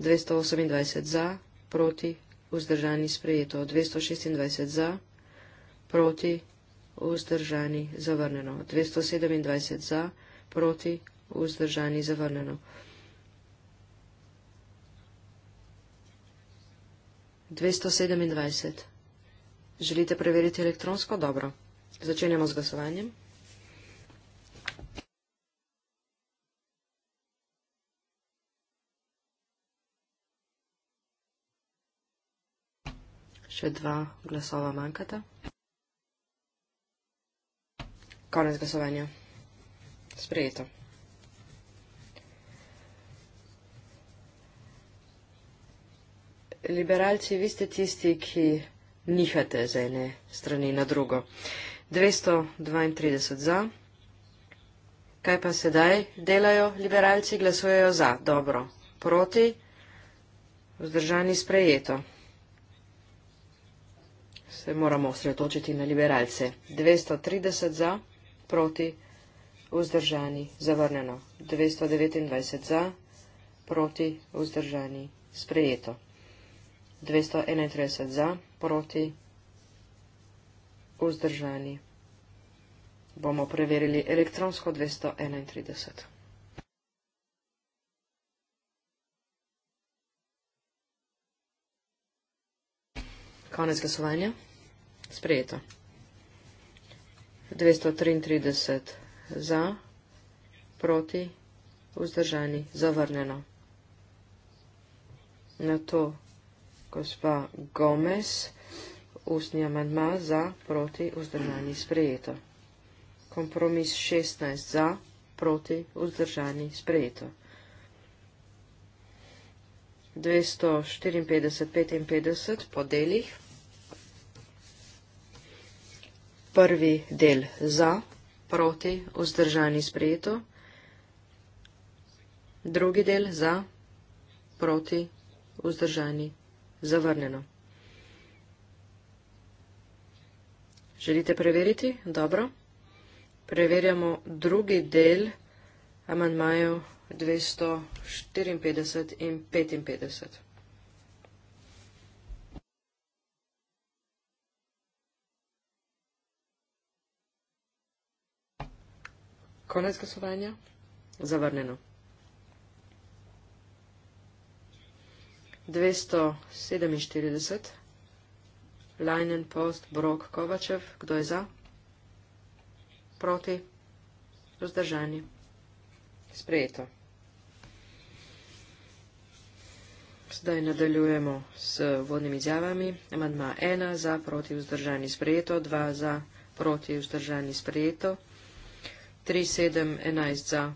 228 za, proti, vzdržani sprejeto, 226 za, proti, vzdržani zavrnjeno, 227 za, proti, vzdržani zavrnjeno. 227. Želite preveriti elektronsko? Dobro. Začenjamo z glasovanjem. še dva glasova manjkata. Konec glasovanja. Sprejeto. Liberalci, vi ste tisti, ki nihate z ene strani na drugo. 232 za. Kaj pa sedaj delajo liberalci? Glasujejo za. Dobro. Proti. Vzdržani sprejeto se moramo osredotočiti na liberalce. 230 za, proti, vzdržani, zavrneno. 229 za, proti, vzdržani, sprejeto. 231 za, proti, vzdržani. Bomo preverili elektronsko 231. Konec glasovanja sprejeto. 233 za, proti, vzdržani, zavrnjeno. Na to gospa Gomez, ustni amandma za, proti, vzdržani, sprejeto. Kompromis 16 za, proti, vzdržani, sprejeto. 254, 55 po delih. prvi del za, proti, vzdržani sprejeto, drugi del za, proti, vzdržani zavrnjeno. Želite preveriti? Dobro. Preverjamo drugi del amandmajev 254 in 55. Konec glasovanja. Zavrnjeno. 247. Leinen, Post, Brok, Kovačev. Kdo je za? Proti. Vzdržani. Sprejeto. Zdaj nadaljujemo s vodnimi izjavami. Amandma 1 za, proti, vzdržani, sprejeto. 2 za, proti, vzdržani, sprejeto. 3. 3711 za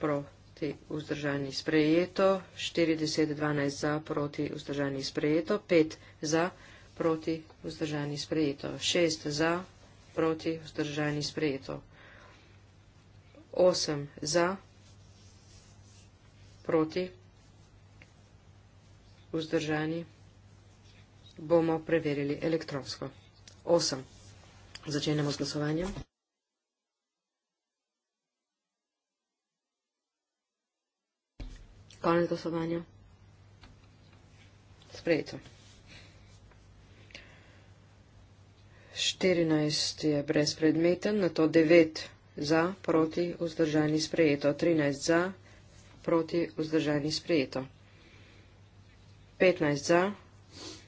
proti vzdržani sprejeto, 4012 za proti vzdržani sprejeto, 5 za proti vzdržani sprejeto, 6 za proti vzdržani sprejeto, 8 za proti vzdržani bomo preverili elektronsko. 8. Začenjamo z glasovanjem. Konec glasovanja. Sprejeto. 14 je brezpredmeten, na to 9 za, proti, vzdržani, sprejeto. 13 za, proti, vzdržani, sprejeto. 15 za,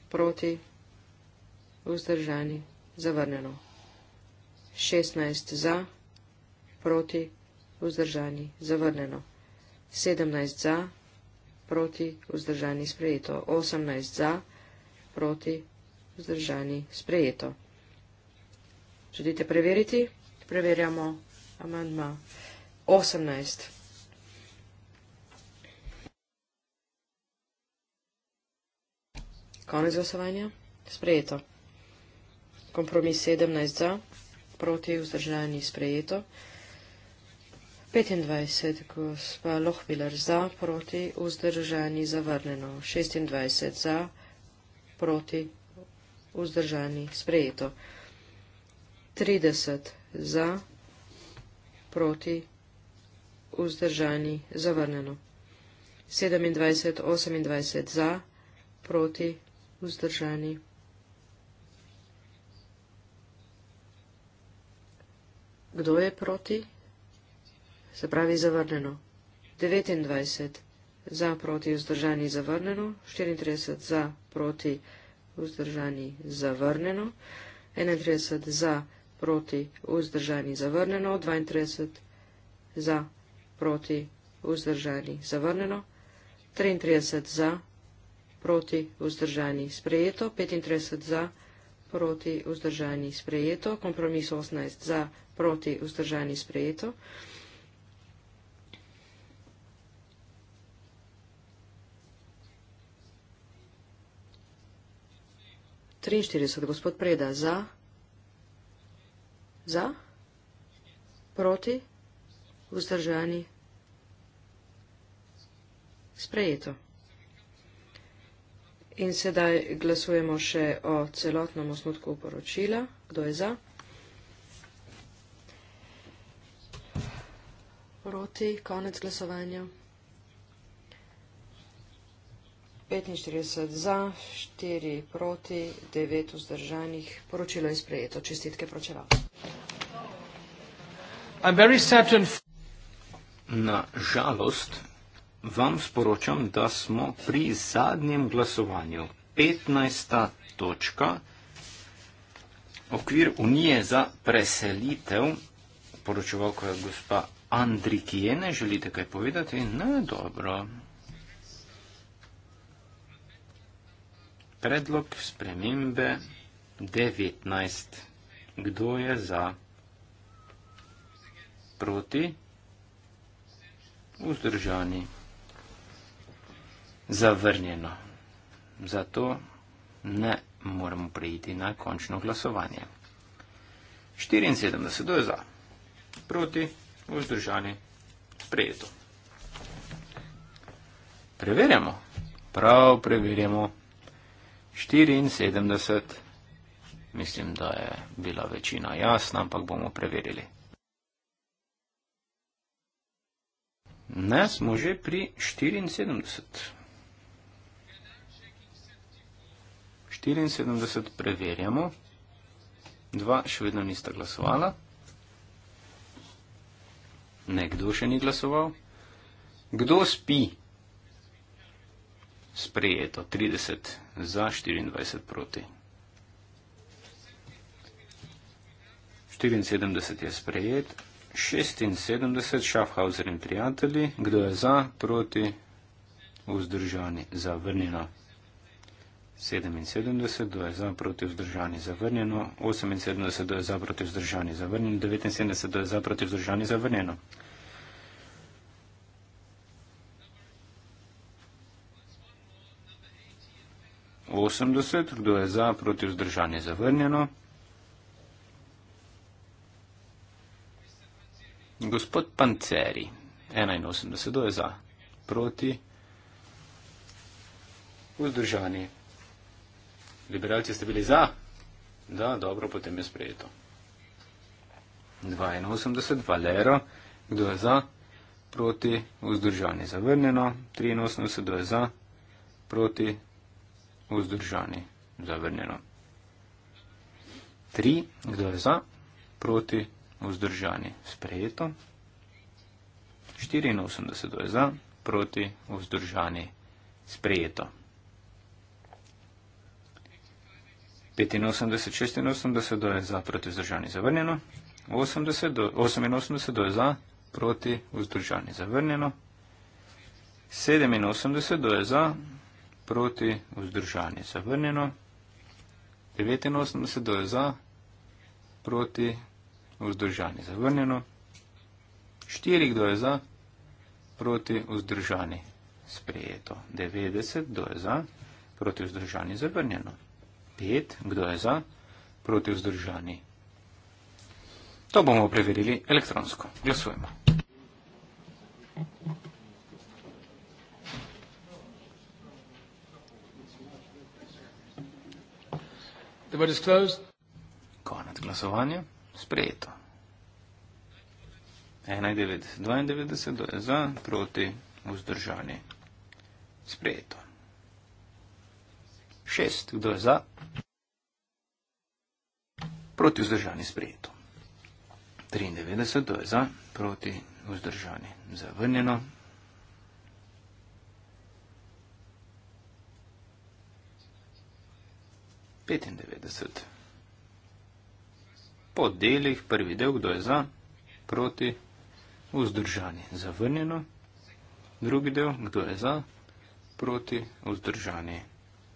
proti, vzdržani, zavrnjeno. 16 za, proti, vzdržani, zavrnjeno. 17 za, proti, vzdržani, sprejeto, 18 za, proti, vzdržani, sprejeto. Želite preveriti? Preverjamo amandma 18. Konec glasovanja? Sprejeto. Kompromis 17 za, proti, vzdržani, sprejeto. 25, gospa Lohviler za, proti, vzdržani, zavrneno. 26, za, proti, vzdržani, sprejeto. 30, za, proti, vzdržani, zavrneno. 27, 28, za, proti, vzdržani. Kdo je proti? se pravi zavrneno. 29 za proti vzdržani zavrneno, 34 za proti vzdržani zavrneno, 31 za proti vzdržani zavrneno, 32 za proti vzdržani zavrneno, 33 za proti vzdržani sprejeto, 35 za proti vzdržani sprejeto, kompromis 18 za proti vzdržani sprejeto, 43, gospod Preda, za, za, proti, vzdržani, sprejeto. In sedaj glasujemo še o celotnem osnutku poročila. Kdo je za? Proti, konec glasovanja. 45 za, 4 proti, 9 vzdržanih. Poročilo je sprejeto. Čestitke pročeval. Na žalost vam sporočam, da smo pri zadnjem glasovanju. 15. točka. Okvir Unije za preselitev. Poročevalko je gospa Andrikijene. Želite kaj povedati? Ne, dobro. predlog spremembe 19. Kdo je za? Proti? Vzdržani? Zavrnjeno. Zato ne moramo prejiti na končno glasovanje. 74. Kdo je za? Proti? Vzdržani? Sprejeto. Preverjamo. Prav preverjamo. 74, mislim, da je bila večina jasna, ampak bomo preverili. Ne, smo že pri 74. 74 preverjamo. Dva še vedno nista glasovala. Nekdo še ni glasoval. Kdo spi? Sprejeto 30 za 24 proti. 74 je sprejet, 76 Schaffhauser in prijatelji, kdo je za, proti, vzdržani, zavrnjeno. 77, kdo je za, proti, vzdržani, zavrnjeno. 78, kdo je za, proti, vzdržani, zavrnjeno. 79, kdo je za, proti, vzdržani, zavrnjeno. 80. Kdo je za, proti vzdržanje zavrnjeno? Gospod Panceri, 81. Kdo je za, proti vzdržanje? Liberalci ste bili za? Da, dobro, potem je sprejeto. 82. Valero, kdo je za, proti vzdržanje zavrnjeno? 83. Kdo je za, proti vzdržanje zavrnjeno? vzdržani, zavrnjeno. Tri, kdo je za, proti, vzdržani, sprejeto. 84, kdo je za, proti, vzdržani, sprejeto. 85, 86, kdo je za, proti, vzdržani, zavrnjeno. 80, 88, kdo je za, proti, vzdržani, zavrnjeno. 87, kdo je za, proti, vzdržani, zavrnjeno proti vzdržanje. Zavrnjeno. 89 do je za, proti vzdržanje. Zavrnjeno. 4 do je za, proti vzdržanje. Sprejeto. 90 do je za, proti vzdržanje. Zavrnjeno. 5, kdo je za, proti vzdržanje. To bomo preverili elektronsko. Glasujemo. Thank you. The vote is closed. Konec glasovanja. Sprejeto. 91, 92 za, proti, vzdržani. Sprejeto. 6, kdo je za? Proti vzdržani sprejeto. 93, kdo je za? Proti vzdržani. Zavrnjeno. 95. Po delih prvi del, kdo je za, proti, vzdržani, zavrnjeno. Drugi del, kdo je za, proti, vzdržani,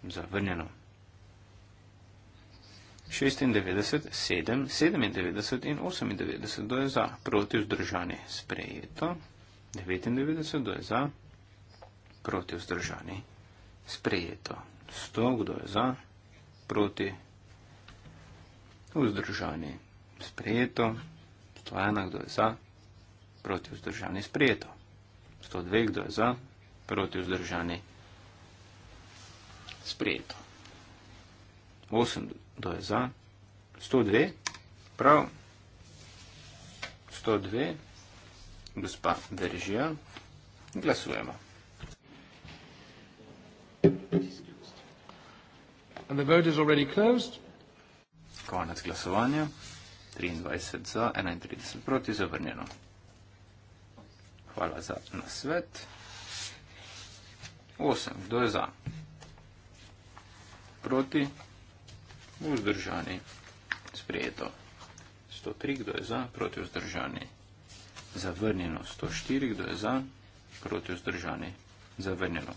zavrnjeno. 96, 7, 97 in 98, kdo je za, proti, vzdržani, sprejeto. 99, kdo je za, proti, vzdržani, sprejeto. 100, kdo je za, proti vzdržani sprejeto, 101, kdo je za, proti vzdržani sprejeto, 102, kdo je za, proti vzdržani sprejeto, 8, kdo je za, 102, prav, 102, gospa držijo, glasujemo. Thank you. And the vote is already closed. Konec glasovanja. 23 za, 31 proti, zavrnjeno. Hvala za nasvet. 8. Kdo je za? Proti? Vzdržani. Sprijeto. 103. Kdo je za? Proti vzdržani. Zavrnjeno. 104. Kdo je za? Proti vzdržani. Zavrnjeno.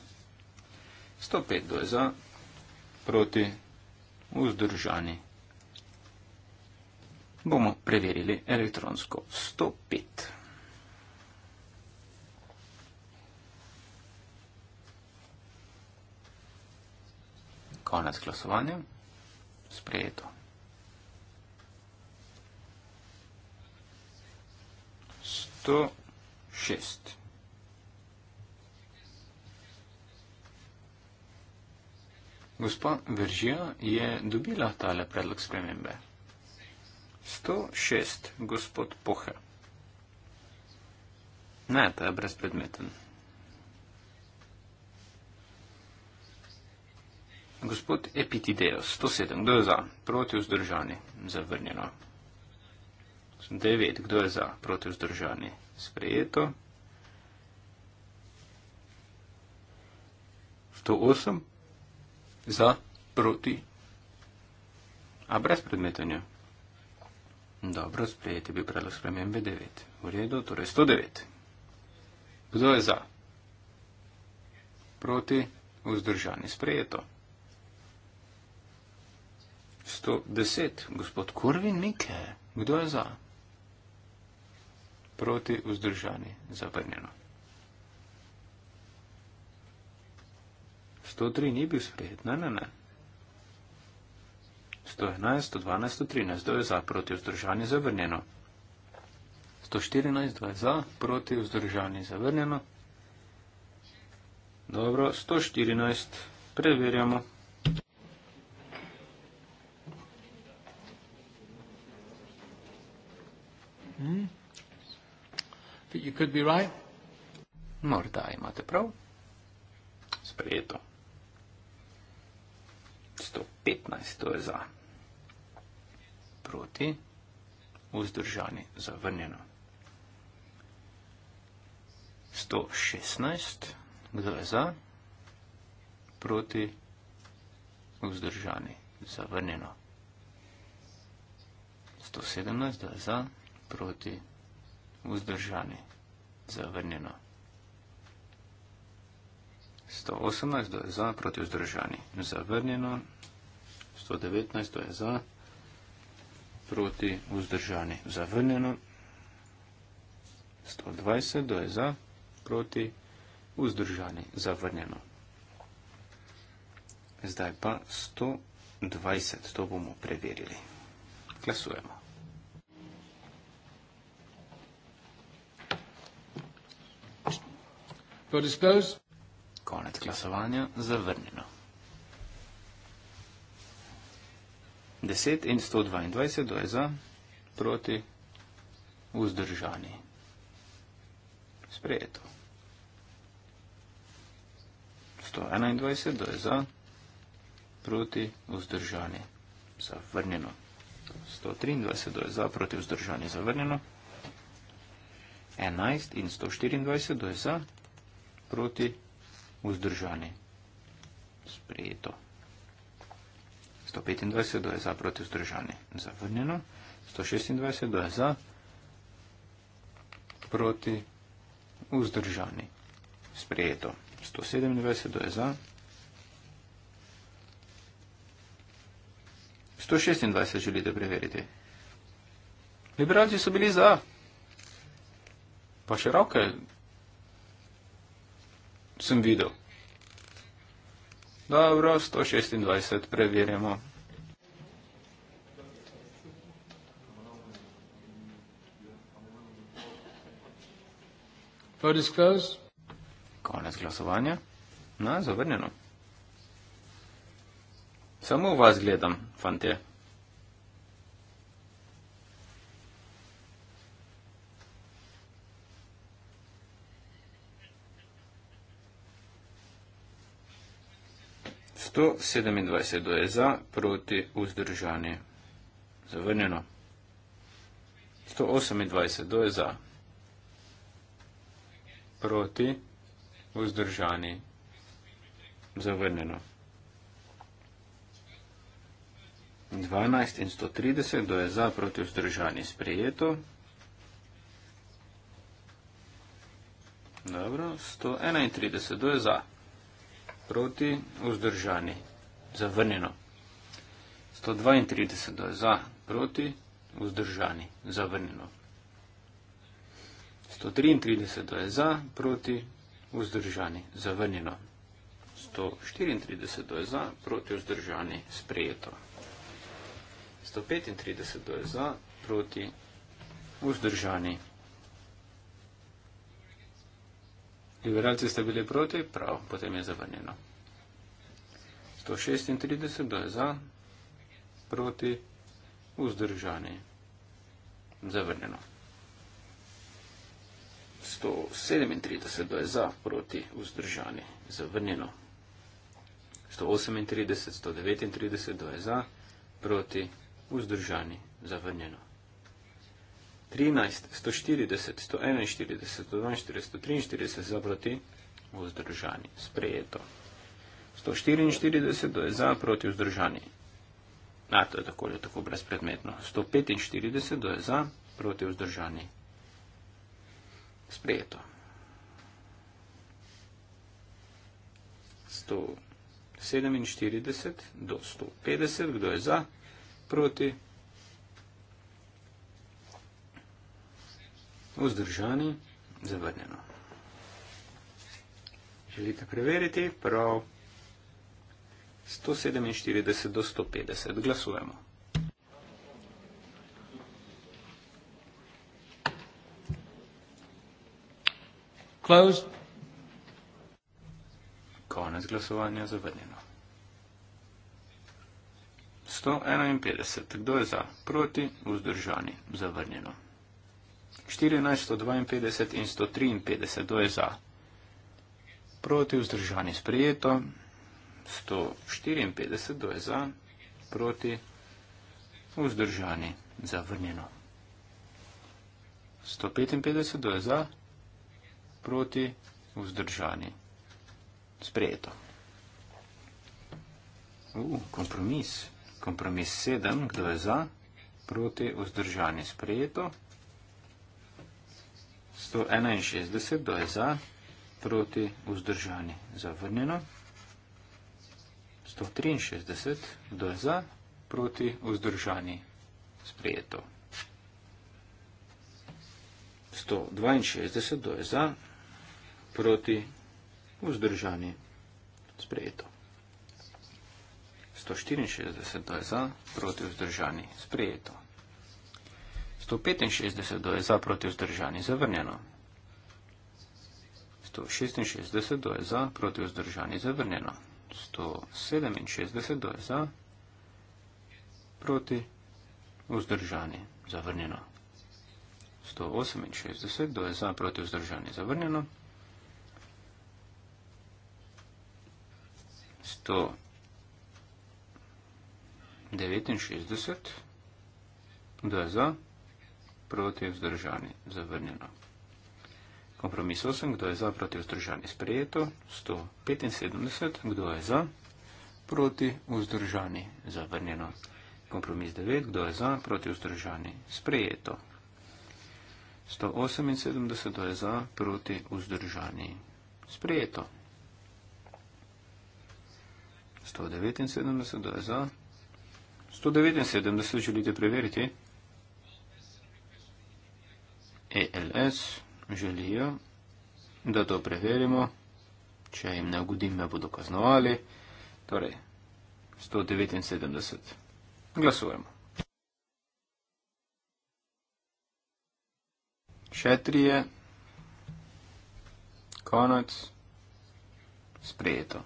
105. Kdo je za? Proti vzdržani proti vzdržani. Bomo preverili elektronsko 105. Konec glasovanja. Sprejeto. Сто шесть. Gospa Veržija je dobila tale predlog spremembe. 106. Gospod Poha. Ne, ta je brezpredmeten. Gospod Epitideos, 107. Kdo je za? Proti vzdržani. Zavrnjeno. 9. Kdo je za? Proti vzdržani. Sprejeto. 108 za, proti. A brez predmetanja. Dobro, sprejeti je bil predlog spremembe 9. V redu, torej 109. Kdo je za? Proti, vzdržani, sprejeto. 110. Gospod Korvin Mike, kdo je za? Proti, vzdržani, zavrnjeno. 103 ni bil sprejet, ne, ne, ne. 111, 112, 113, to je za, proti vzdržanju zavrnjeno. 114, 2 za, proti vzdržanju zavrnjeno. Dobro, 114, preverjamo. Hmm. Right. Morda imate prav. Sprejeto. 115 to je za. Proti, vzdržani, zavrnjeno. 116, kdo je za? Proti, vzdržani, zavrnjeno. 117, kdo je za? Proti, vzdržani, zavrnjeno. 118, kdo je za, proti vzdržani. Zavrnjeno. 119, kdo je za, proti vzdržani. Zavrnjeno. 120, kdo je za, proti vzdržani. Zavrnjeno. Zdaj pa 120, to bomo preverili. Klasujemo. For dispose? Konec glasovanja zavrnjeno. 10 in 122, kdo je za, proti, vzdržani. Sprejeto. 121, kdo je za, proti, vzdržani. Zavrnjeno. 123, kdo je za, proti, vzdržani. Zavrnjeno. 11 in 124, kdo je za, proti, vzdržani vzdržani. Sprejeto. 125 do je za proti vzdržani. Zavrnjeno. 126 do je za proti vzdržani. Sprejeto. 127 do je za. 126 želite preveriti. Liberalci so bili za. Pa še roke sem videl. Dobro, 126 preverjamo. Konec glasovanja. Na, zavrnjeno. Samo v vas gledam, fantje. 127 je za, proti vzdržanje. Zavrnjeno. 128 je za, proti vzdržanje. Zavrnjeno. 12 in 130 je za, proti vzdržanje. Sprejeto. Dobro, 131 je za proti, vzdržani, zavrnjeno. 132 do je za, proti, vzdržani, zavrnjeno. 133 do je za, proti, vzdržani, zavrnjeno. 134 do je za, proti, vzdržani, sprejeto. 135 do je za, proti, vzdržani, vzdržani. Liberalci ste bili proti, prav, potem je zavrnjeno. 136, kdo je za, proti, vzdržani, zavrnjeno. 137, kdo je za, proti, vzdržani, zavrnjeno. 138, 139, kdo je za, proti, vzdržani, zavrnjeno. 13, 140, 141, 142, 143 za proti vzdržani. Sprejeto. 144, to je za proti vzdržani. A, to je tako ali tako brezpredmetno. 145, to je za proti vzdržani. Sprejeto. 147 do 150, kdo je za, proti vzdržani, zavrnjeno. Želite preveriti? Prav. 147 do 150. Glasujemo. Closed. Konec glasovanja zavrnjeno. 151. Kdo je za? Proti? Vzdržani. Zavrnjeno. 14, 152 in 153, to je za. Proti vzdržani sprejeto, 154, to je za. Proti vzdržani zavrnjeno. 155, to je za. Proti vzdržani sprejeto. U, kompromis. Kompromis 7, kdo je za? Proti vzdržani sprejeto. 161, kdo je za, proti, vzdržani, zavrnjeno. 163, kdo je za, proti, vzdržani, sprejeto. 162, kdo je za, proti, vzdržani, sprejeto. 164, kdo je za, proti, vzdržani, sprejeto. 165 do je za proti vzdržani zavrnjeno. 166 do je za proti vzdržani zavrnjeno. 167 do je za proti vzdržani zavrnjeno. 168 do je za proti vzdržani zavrnjeno. 169 do je za proti vzdržani zavrnjeno proti vzdržani zavrnjeno. Kompromis 8, kdo je za proti vzdržani sprejeto, 175, kdo je za proti vzdržani zavrnjeno. Kompromis 9, kdo je za proti vzdržani sprejeto, 178, kdo je za proti vzdržani sprejeto. 179, kdo je za. 179 želite preveriti? ELS želijo, da to preverimo, če jim ne ugodim, me bodo kaznovali. Torej, 179. Glasujemo. Še tri je. Konec. Sprejeto.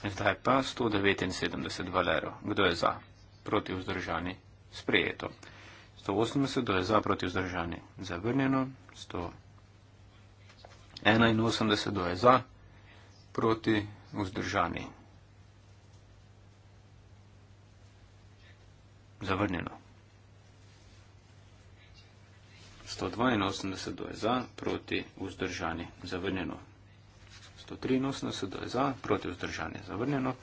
Zdaj pa 179 valerov. Kdo je za? Proti vzdržani. Sprejeto. 180, kdo je za? Proti vzdržani. Zavrnjeno. 181, kdo je za? Proti vzdržani. Zavrnjeno. 182 je za, proti vzdržani. Zavrnjeno. 183, da je za, proti vzdržanje zavrnjeno.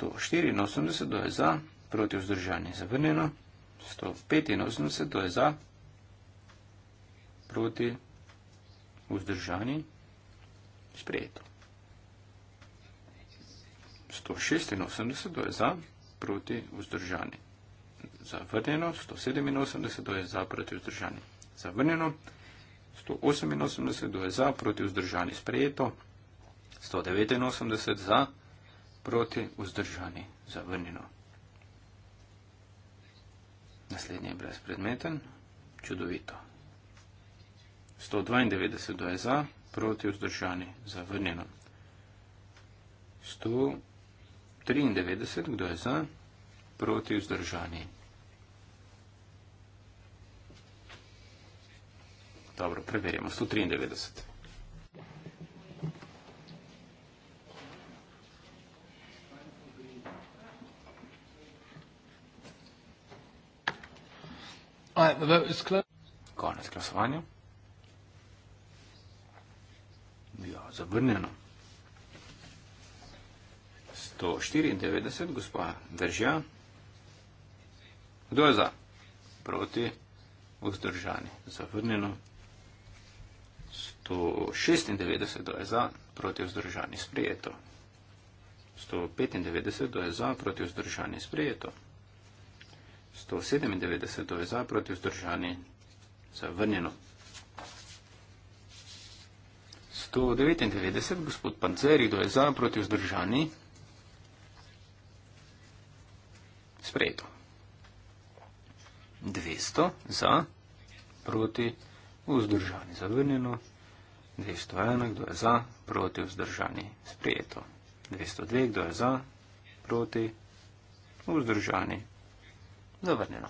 184, da je za, proti vzdržanje zavrnjeno. 185, da je za, proti vzdržanje sprejeto. 186, da je za, proti vzdržanje zavrnjeno. 187, da je za, proti vzdržanje zavrnjeno. 188, da je za, proti vzdržanje zavrnjeno. 188 je za, proti vzdržani sprejeto, 189 za, proti vzdržani zavrnjeno. Naslednji je brezpredmeten, čudovito. 192 je za, proti vzdržani zavrnjeno. 193, kdo je za, proti vzdržani zavrnjeno. Dobro, preverjamo. 193. Konec glasovanja. Ja, zabrnjeno. 194, gospa Držja. Kdo je za? Proti, vzdržani. Zavrnjeno. 196 do je za, proti vzdržani sprejeto. 195 do je za, proti vzdržani sprejeto. 197 do je za, proti vzdržani zavrnjeno. 199, gospod Panceri, do je za, proti vzdržani sprejeto. 200 za, proti vzdržani zavrnjeno sprejeto. 201, kdo je za, proti, vzdržani, sprejeto. 202, kdo je za, proti, vzdržani, zavrnjeno.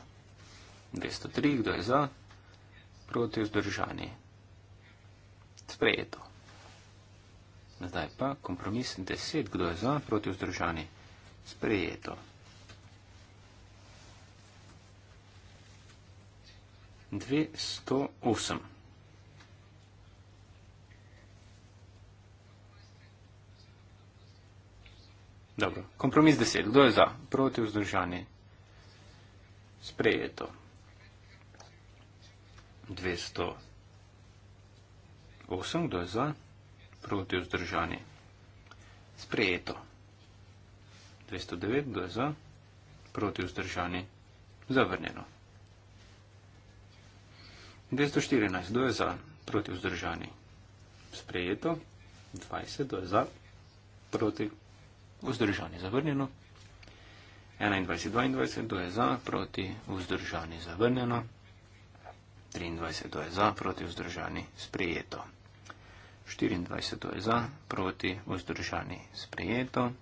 203, kdo je za, proti, vzdržani, sprejeto. Zdaj pa kompromis 10, kdo je za, proti, vzdržani, sprejeto. 208. Dobro. Kompromis deset. Kdo je za? Proti vzdržani. Sprejeto. 208. Kdo je za? Proti vzdržani. Sprejeto. 209. Kdo je za? Proti vzdržani. Zavrnjeno. 214. Kdo je za? Proti vzdržani. Sprejeto. 20. Kdo je za? Proti vzdržani vzdržani zavrnjeno. 21-22, to je za, proti vzdržani zavrnjeno. 23, to je za, proti vzdržani sprejeto. 24, to je za, proti vzdržani sprejeto.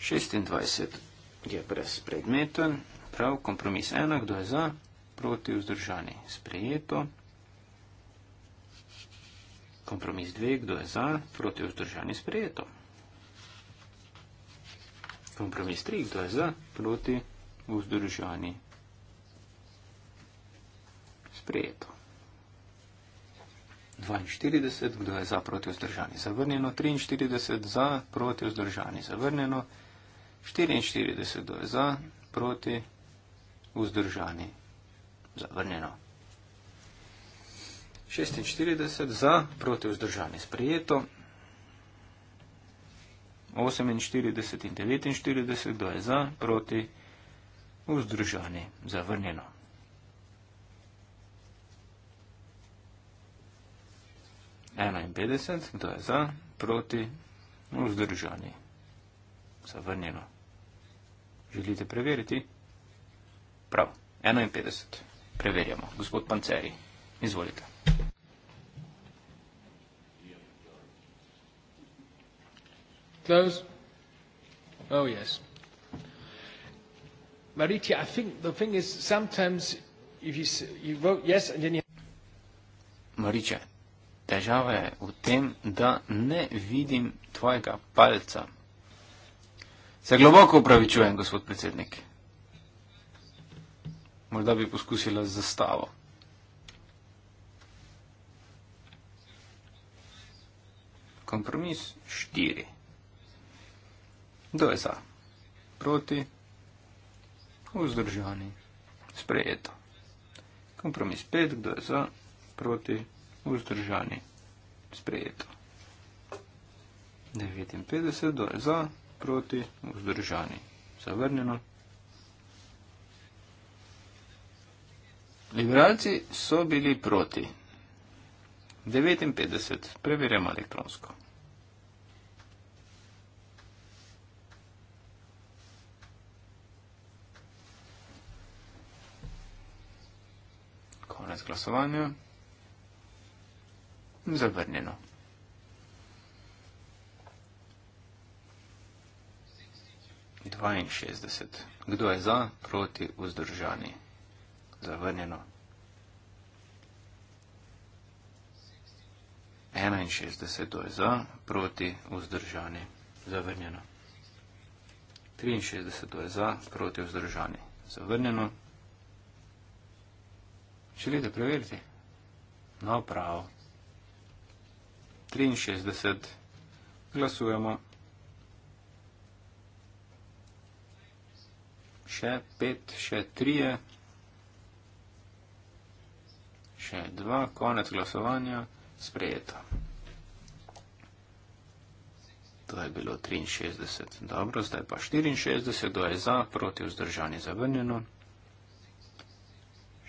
26 je brezpredmeten, prav, kompromis enak, kdo je za, proti vzdržani sprejeto. Kompromis dve, kdo je za, proti vzdržani sprejeto. Kompromis 3, kdo je za, proti, vzdržani. Sprejeto. 42, kdo je za, proti, vzdržani. Zavrnjeno. 43, za, proti, vzdržani. Zavrnjeno. 44, kdo je za, proti, vzdržani. Zavrnjeno. 46 za, proti vzdržani sprejeto, 48 in 49, kdo je za, proti, vzdržani, zavrnjeno. Enainpetdeset, kdo je za, proti, vzdržani, zavrnjeno. Želite preveriti? Prav, enainpetdeset. Preverjamo. Gospod Panceri, izvolite. close? Oh, yes. Mariti, I think the thing is sometimes if you, you vote yes and then you. Mariti, težava je v tem, da ne vidim tvojega palca. Se globoko upravičujem, gospod predsednik. Morda bi poskusila z zastavo. Kompromis 4. Kdo je za? Proti? Vzdržani. Sprejeto. Kompromis 5. Kdo je za? Proti? Vzdržani. Sprejeto. 59. Kdo je za? Proti? Vzdržani. Zavrnjeno. Liberalci so bili proti. 59. Preverjamo elektronsko. danes glasovanju. Zavrnjeno. Dvainšestdeset. Kdo je za, proti, vzdržani? Zavrnjeno. Enainšestdeset. Kdo je za, proti, vzdržani? Zavrnjeno. Triinšestdeset. Kdo je za, proti, vzdržani? Zavrnjeno. Zavrnjeno. Želite preveriti? No, prav. 63. Glasujemo. Še 5, še 3. Še 2. Konec glasovanja. Sprejeto. To je bilo 63. Dobro, zdaj pa 64. Kdo je za, proti vzdržanje zavrnjeno?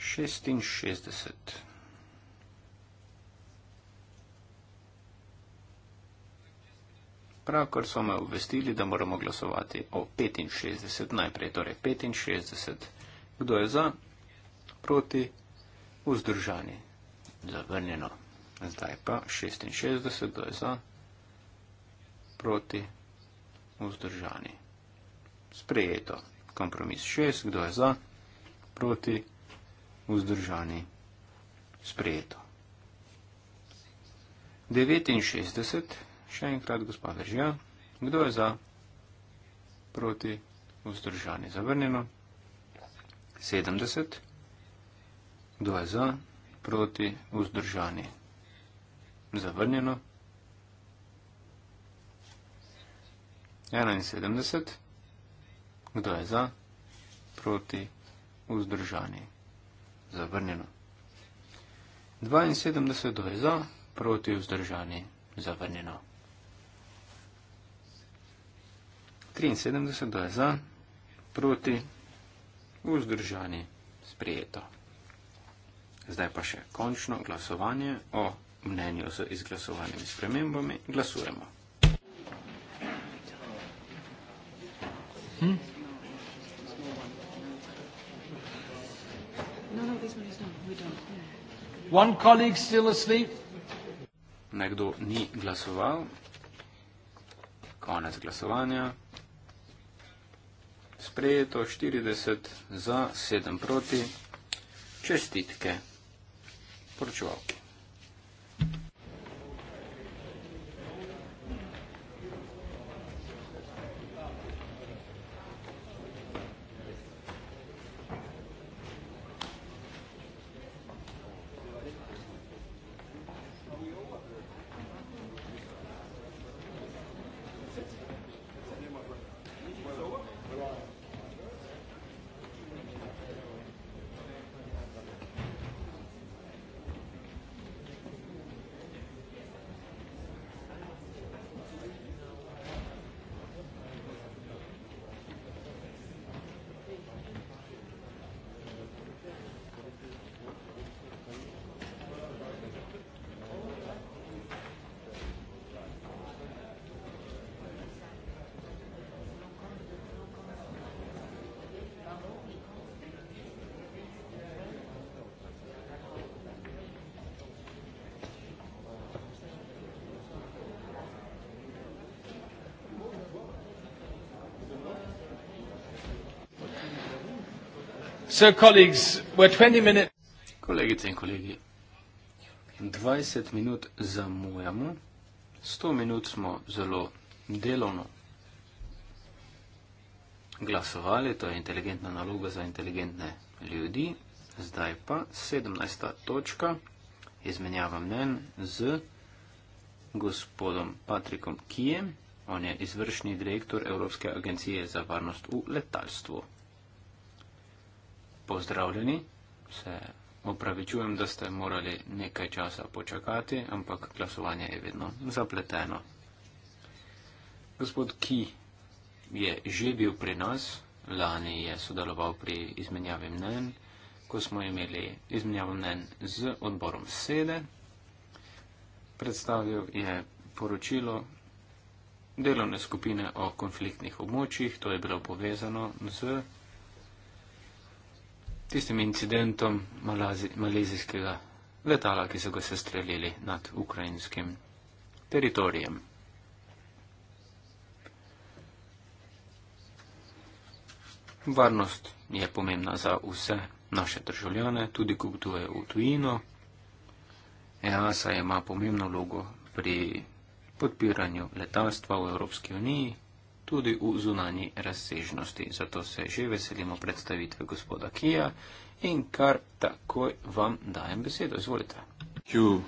66. Pravkar so me obvestili, da moramo glasovati o 65 najprej, torej 65. Kdo je za? Proti? Vzdržani? Zavrnjeno. Zdaj pa 66, kdo je za? Proti? Vzdržani? Sprejeto. Kompromis 6, kdo je za? Proti? Vzdržani? vzdržani, sprejeto. 69, še enkrat, gospod Držija, kdo je za, proti, vzdržani, zavrnjeno. 70, kdo je za, proti, vzdržani, zavrnjeno. 71, kdo je za, proti, vzdržani, zavrnjeno zavrnjeno. 72 je za, proti vzdržani, zavrnjeno. 73 je za, proti vzdržani, sprijeto. Zdaj pa še končno glasovanje o mnenju z izglasovanimi spremembami. Glasujemo. Hm? No, no, this one is done. No, We're done. Yeah. One colleague still asleep? Nekdo ni glasoval. Konec glasovanja. Sprejeto 40 za 7 proti. Čestitke poročevalke. So, colleagues, we're 20 minutes. Kolegice in kolegi, 20 minut zamujamo, 100 minut smo zelo delovno glasovali, to je inteligentna naloga za inteligentne ljudi. Zdaj pa 17. točka izmenjava mnen z gospodom Patrikom Kijem, on je izvršni direktor Evropske agencije za varnost v letalstvu pozdravljeni. Se opravičujem, da ste morali nekaj časa počakati, ampak glasovanje je vedno zapleteno. Gospod Ki je že bil pri nas, lani je sodeloval pri izmenjavi mnen, ko smo imeli izmenjavo mnen z odborom sede. Predstavil je poročilo delovne skupine o konfliktnih območjih, to je bilo povezano z tistim incidentom Malazi, malezijskega letala, ki so ga sestrelili nad ukrajinskim teritorijem. Varnost je pomembna za vse naše državljane, tudi ko kdo je v tujino. EASA ima pomembno vlogo pri podpiranju letalstva v Evropski uniji tudi v zunanji razsežnosti. Zato se že veselimo predstavitve gospoda Kija in kar takoj vam dajem besedo. Izvolite. Um,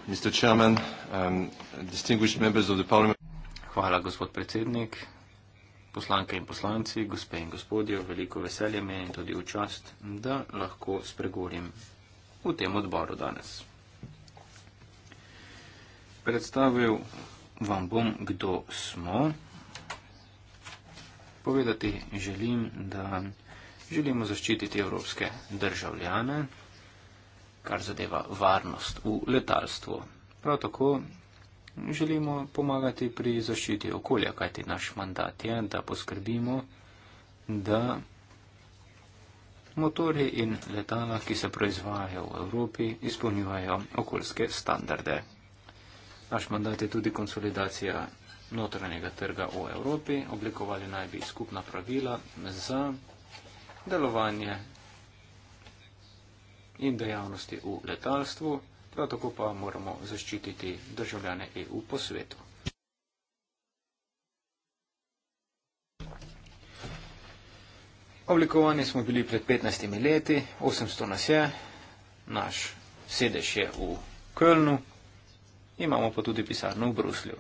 Hvala, gospod predsednik, poslanke in poslanci, gospe in gospodje. Veliko veselje me je in tudi v čast, da lahko spregovorim v tem odboru danes. Predstavil vam bom, kdo smo povedati, želim, da želimo zaščititi evropske državljane, kar zadeva varnost v letalstvu. Prav tako želimo pomagati pri zaščiti okolja, kajti naš mandat je, da poskrbimo, da motorje in letala, ki se proizvajajo v Evropi, izpolnjujejo okoljske standarde. Naš mandat je tudi konsolidacija notranjega trga v Evropi, oblikovali naj bi skupna pravila za delovanje in dejavnosti v letalstvu, prav tako pa moramo zaščititi državljane EU po svetu. Oblikovani smo bili pred 15 leti, 800 nas je, naš sedež je v Kölnu, imamo pa tudi pisarno v Bruslju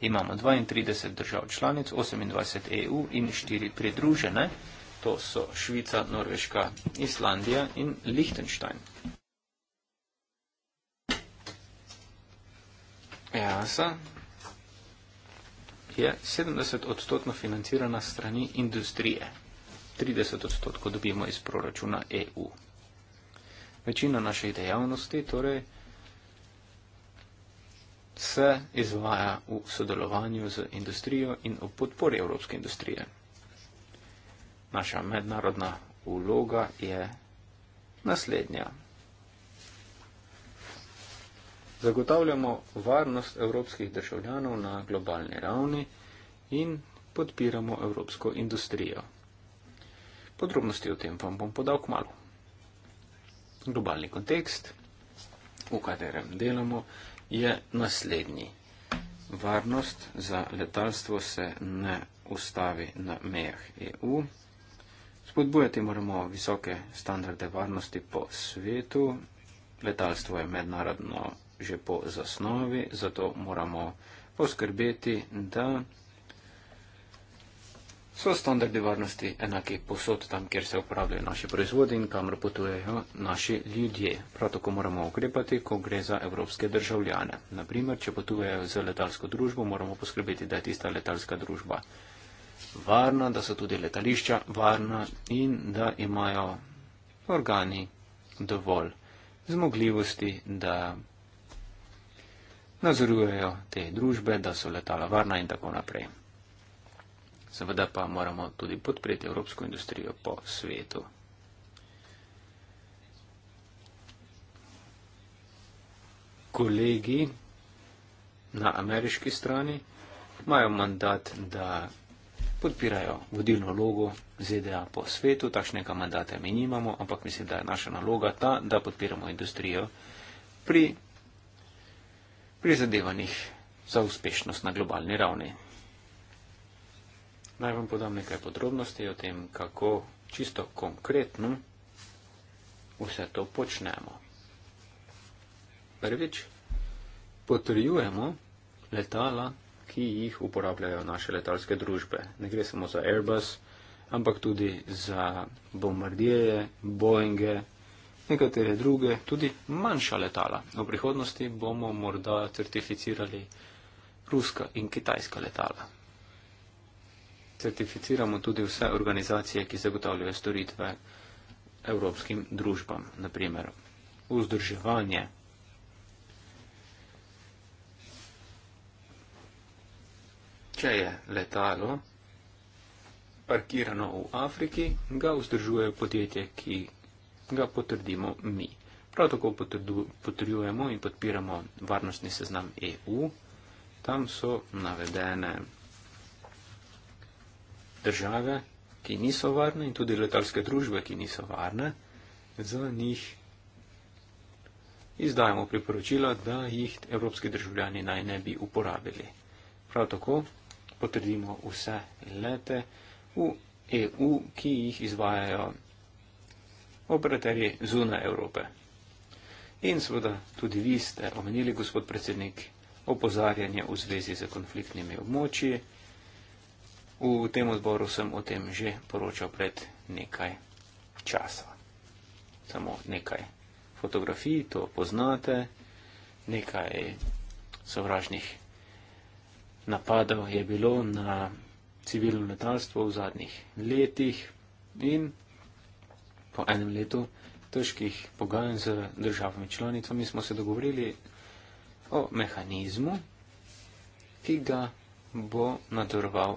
imamo 32 držav članic, 28 EU in 4 pridružene, to so Švica, Norveška, Islandija in Liechtenstein. EASA je 70 odstotno financirana strani industrije, 30 odstotko dobimo iz proračuna EU. Večina naših dejavnosti, torej, se izvaja v sodelovanju z industrijo in v podpori evropske industrije. Naša mednarodna vloga je naslednja. Zagotavljamo varnost evropskih državljanov na globalni ravni in podpiramo evropsko industrijo. Podrobnosti o tem vam bom podal k malu. Globalni kontekst, v katerem delamo, je naslednji. Varnost za letalstvo se ne ustavi na mejah EU. Spodbujati moramo visoke standarde varnosti po svetu. Letalstvo je mednarodno že po zasnovi, zato moramo poskrbeti, da so standardi varnosti enaki posod tam, kjer se upravljajo naši proizvodi in kamor potujejo naši ljudje. Prav tako moramo ukrepati, ko gre za evropske državljane. Naprimer, če potujejo z letalsko družbo, moramo poskrbeti, da je tista letalska družba varna, da so tudi letališča varna in da imajo organi dovolj zmogljivosti, da nadzorujejo te družbe, da so letala varna in tako naprej. Seveda pa moramo tudi podpreti evropsko industrijo po svetu. Kolegi na ameriški strani imajo mandat, da podpirajo vodilno logo ZDA po svetu. Takšnega mandata mi nimamo, ampak mislim, da je naša naloga ta, da podpiramo industrijo pri prizadevanjih za uspešnost na globalni ravni. Naj vam podam nekaj podrobnosti o tem, kako čisto konkretno vse to počnemo. Prvič, potrjujemo letala, ki jih uporabljajo naše letalske družbe. Ne gre samo za Airbus, ampak tudi za bombardije, Boeinge, nekatere druge, tudi manjša letala. V prihodnosti bomo morda certificirali ruska in kitajska letala certificiramo tudi vse organizacije, ki zagotavljajo storitve evropskim družbam, naprimer vzdrževanje. Če je letalo parkirano v Afriki, ga vzdržuje podjetje, ki ga potrdimo mi. Prav tako potrjujemo in podpiramo varnostni seznam EU. Tam so navedene države, ki niso varne in tudi letalske družbe, ki niso varne, za njih izdajamo priporočila, da jih evropski državljani naj ne bi uporabili. Prav tako potrdimo vse lete v EU, ki jih izvajajo operaterji zunaj Evrope. In seveda tudi vi ste omenili, gospod predsednik, opozarjanje v zvezi z konfliktnimi območji. V tem odboru sem o tem že poročal pred nekaj časa. Samo nekaj fotografij, to poznate, nekaj sovražnih napadov je bilo na civilno letalstvo v zadnjih letih in po enem letu težkih pogajanj z državami članicami smo se dogovorili o mehanizmu, ki ga bo nadzoroval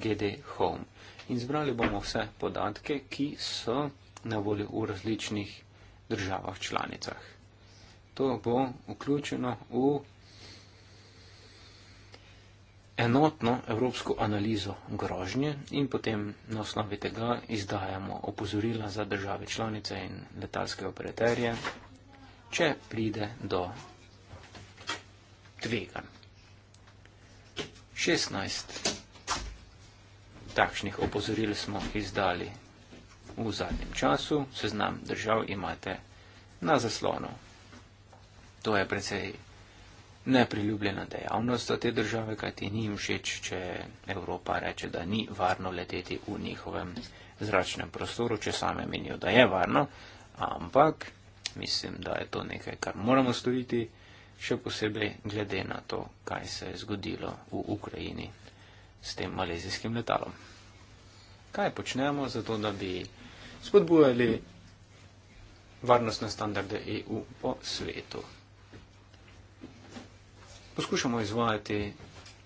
GD Home. In zbrali bomo vse podatke, ki so na voljo v različnih državah članicah. To bo vključeno v enotno evropsko analizo grožnje in potem na osnovi tega izdajamo opozorila za države članice in letalske operaterje, če pride do tveganj. 16 takšnih opozoril smo izdali v zadnjem času. Seznam držav imate na zaslonu. To je precej nepriljubljena dejavnost za te države, kajti ni jim všeč, če Evropa reče, da ni varno leteti v njihovem zračnem prostoru, če same menijo, da je varno. Ampak mislim, da je to nekaj, kar moramo storiti, še posebej glede na to, kaj se je zgodilo v Ukrajini s tem malezijskim letalom. Kaj počnemo za to, da bi spodbujali varnostne standarde EU po svetu? Poskušamo izvajati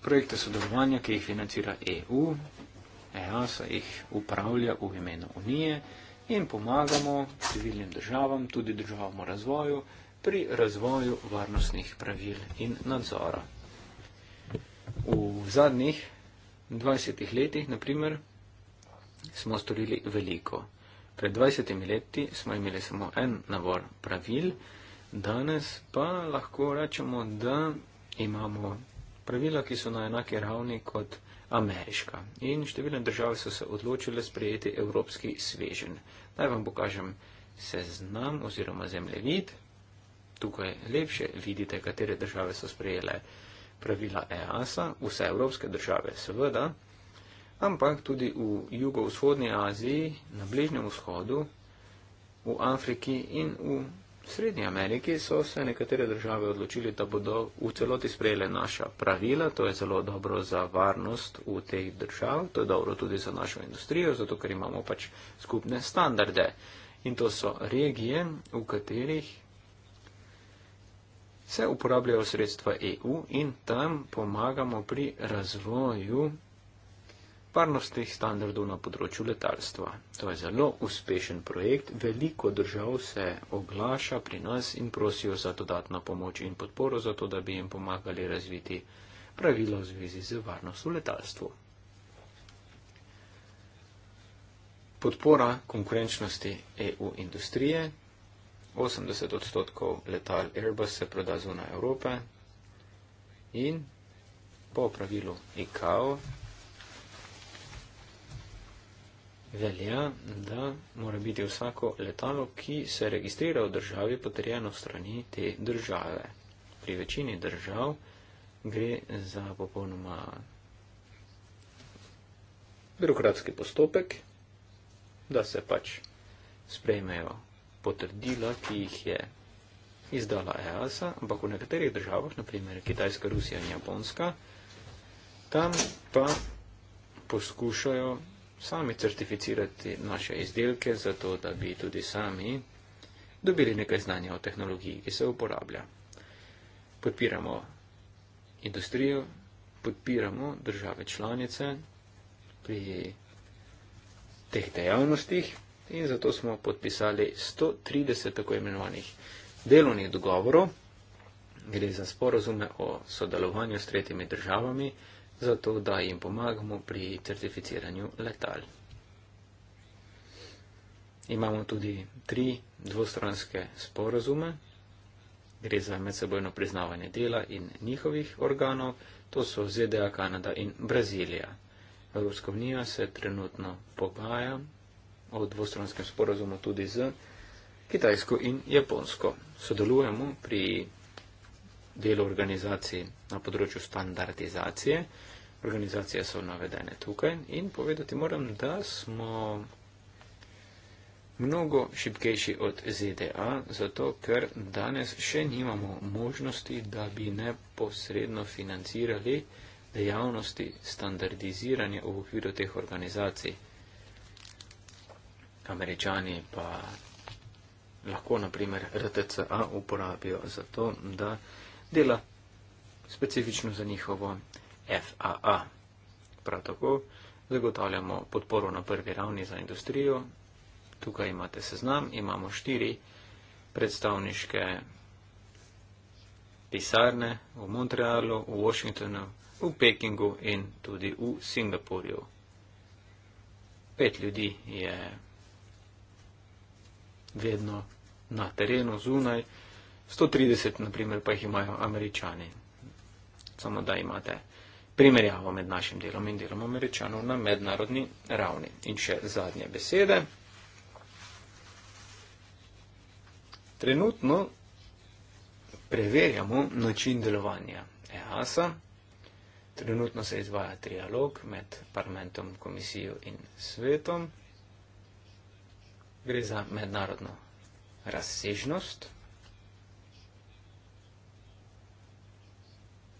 projekte sodelovanja, ki jih financira EU, EASA jih upravlja v imenu Unije in pomagamo civilnim državam, tudi državam v razvoju, pri razvoju varnostnih pravil in nadzora. V zadnjih 20 letih, naprimer, smo storili veliko. Pred 20 leti smo imeli samo en nabor pravil, danes pa lahko rečemo, da imamo pravila, ki so na enaki ravni kot ameriška. In številne države so se odločile sprejeti evropski svežen. Naj vam pokažem seznam oziroma zemljevid. Tukaj lepše vidite, katere države so sprejele uh, pravila EASA, vse evropske države seveda, ampak tudi v jugovzhodni Aziji, na Bližnjem vzhodu, v Afriki in v Srednji Ameriki so se nekatere države odločili, da bodo v celoti sprejele naša pravila. To je zelo dobro za varnost v teh držav, to je dobro tudi za našo industrijo, zato ker imamo pač skupne standarde. In to so regije, v katerih se uporabljajo sredstva EU in tam pomagamo pri razvoju varnostnih standardov na področju letalstva. To je zelo uspešen projekt, veliko držav se oglaša pri nas in prosijo za dodatno pomoč in podporo, zato da bi jim pomagali razviti pravila v zvezi z varnostjo v letalstvu. Podpora konkurenčnosti EU industrije 80 odstotkov letal Airbus se proda zunaj Evrope in po pravilu ICAO velja, da mora biti vsako letalo, ki se registrira v državi, potrjeno strani te države. Pri večini držav gre za popolnoma birokratski postopek, da se pač sprejmejo potrdila, ki jih je izdala EASA, ampak v nekaterih državah, naprimer Kitajska, Rusija in Japonska, tam pa poskušajo sami certificirati naše izdelke, zato da bi tudi sami dobili nekaj znanja o tehnologiji, ki se uporablja. Podpiramo industrijo, podpiramo države članice pri teh dejavnostih in zato smo podpisali 130 tako imenovanih delovnih dogovorov. Gre za sporozume o sodelovanju s tretjimi državami, zato da jim pomagamo pri certificiranju letal. Imamo tudi tri dvostranske sporozume. Gre za medsebojno priznavanje dela in njihovih organov, to so ZDA, Kanada in Brazilija. Evropska unija se trenutno pogaja o dvostranskem sporazumu tudi z Kitajsko in Japonsko. Sodelujemo pri delu organizacij na področju standardizacije. Organizacije so navedene tukaj in povedati moram, da smo mnogo šibkejši od ZDA, zato ker danes še nimamo možnosti, da bi neposredno financirali dejavnosti standardiziranja v okviru teh organizacij američani pa lahko naprimer RTCA uporabijo za to, da dela specifično za njihovo FAA. Prav tako zagotavljamo podporo na prvi ravni za industrijo. Tukaj imate seznam, imamo štiri predstavniške pisarne v Montrealu, v Washingtonu, v Pekingu in tudi v Singapurju. Pet ljudi je vedno na terenu, zunaj. 130, naprimer, pa jih imajo američani. Samo da imate primerjavo med našim delom in delom američanov na mednarodni ravni. In še zadnje besede. Trenutno preverjamo način delovanja EASA. Trenutno se izvaja trialog med parlamentom, komisijo in svetom gre za mednarodno razsežnost.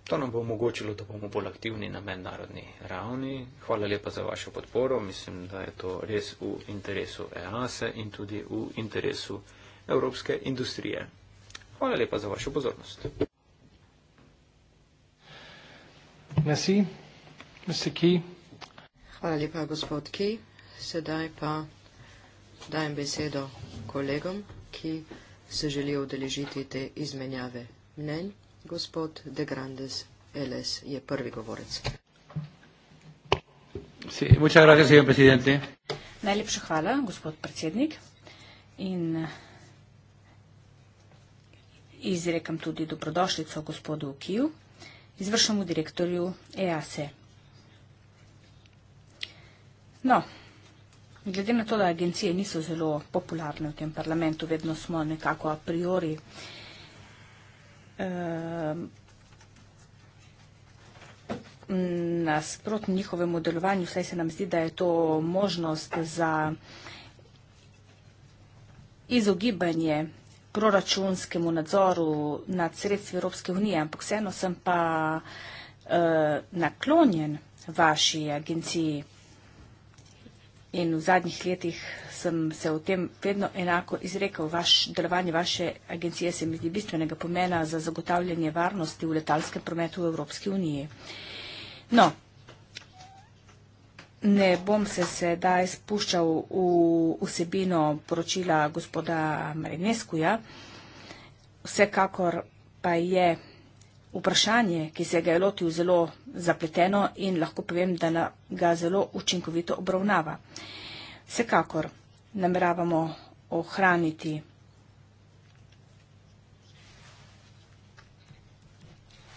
To nam bo omogočilo, da bomo bolj aktivni na mednarodni ravni. Hvala lepa za vašo podporo. Mislim, da je to res v interesu EASE e in tudi v interesu evropske industrije. Hvala lepa za vašo pozornost. Merci. Merci, Hvala lepa, gospod Ki. Sedaj pa dajem besedo kolegom, ki se želijo udeležiti te izmenjave mnenj. Gospod De Grandes LS je prvi govorec. Najlepša hvala, gospod predsednik. In izrekam tudi dobrodošlico gospodu Kiju, izvršnemu direktorju EASE. No, Glede na to, da agencije niso zelo popularne v tem parlamentu, vedno smo nekako a priori. Um, nasprotno njihovemu delovanju, saj se nam zdi, da je to možnost za izogibanje proračunskemu nadzoru nad sredstvi Evropske unije, ampak vseeno sem pa uh, naklonjen vaši agenciji. In v zadnjih letih sem se o tem vedno enako izrekel. Vaš, delovanje vaše agencije se mi zdi bistvenega pomena za zagotavljanje varnosti v letalskem prometu v Evropski uniji. No, ne bom se sedaj spuščal v vsebino poročila gospoda Marineskuja. Vsekakor pa je vprašanje, ki se ga je lotil zelo zapleteno in lahko povem, da ga zelo učinkovito obravnava. Vsekakor nameravamo ohraniti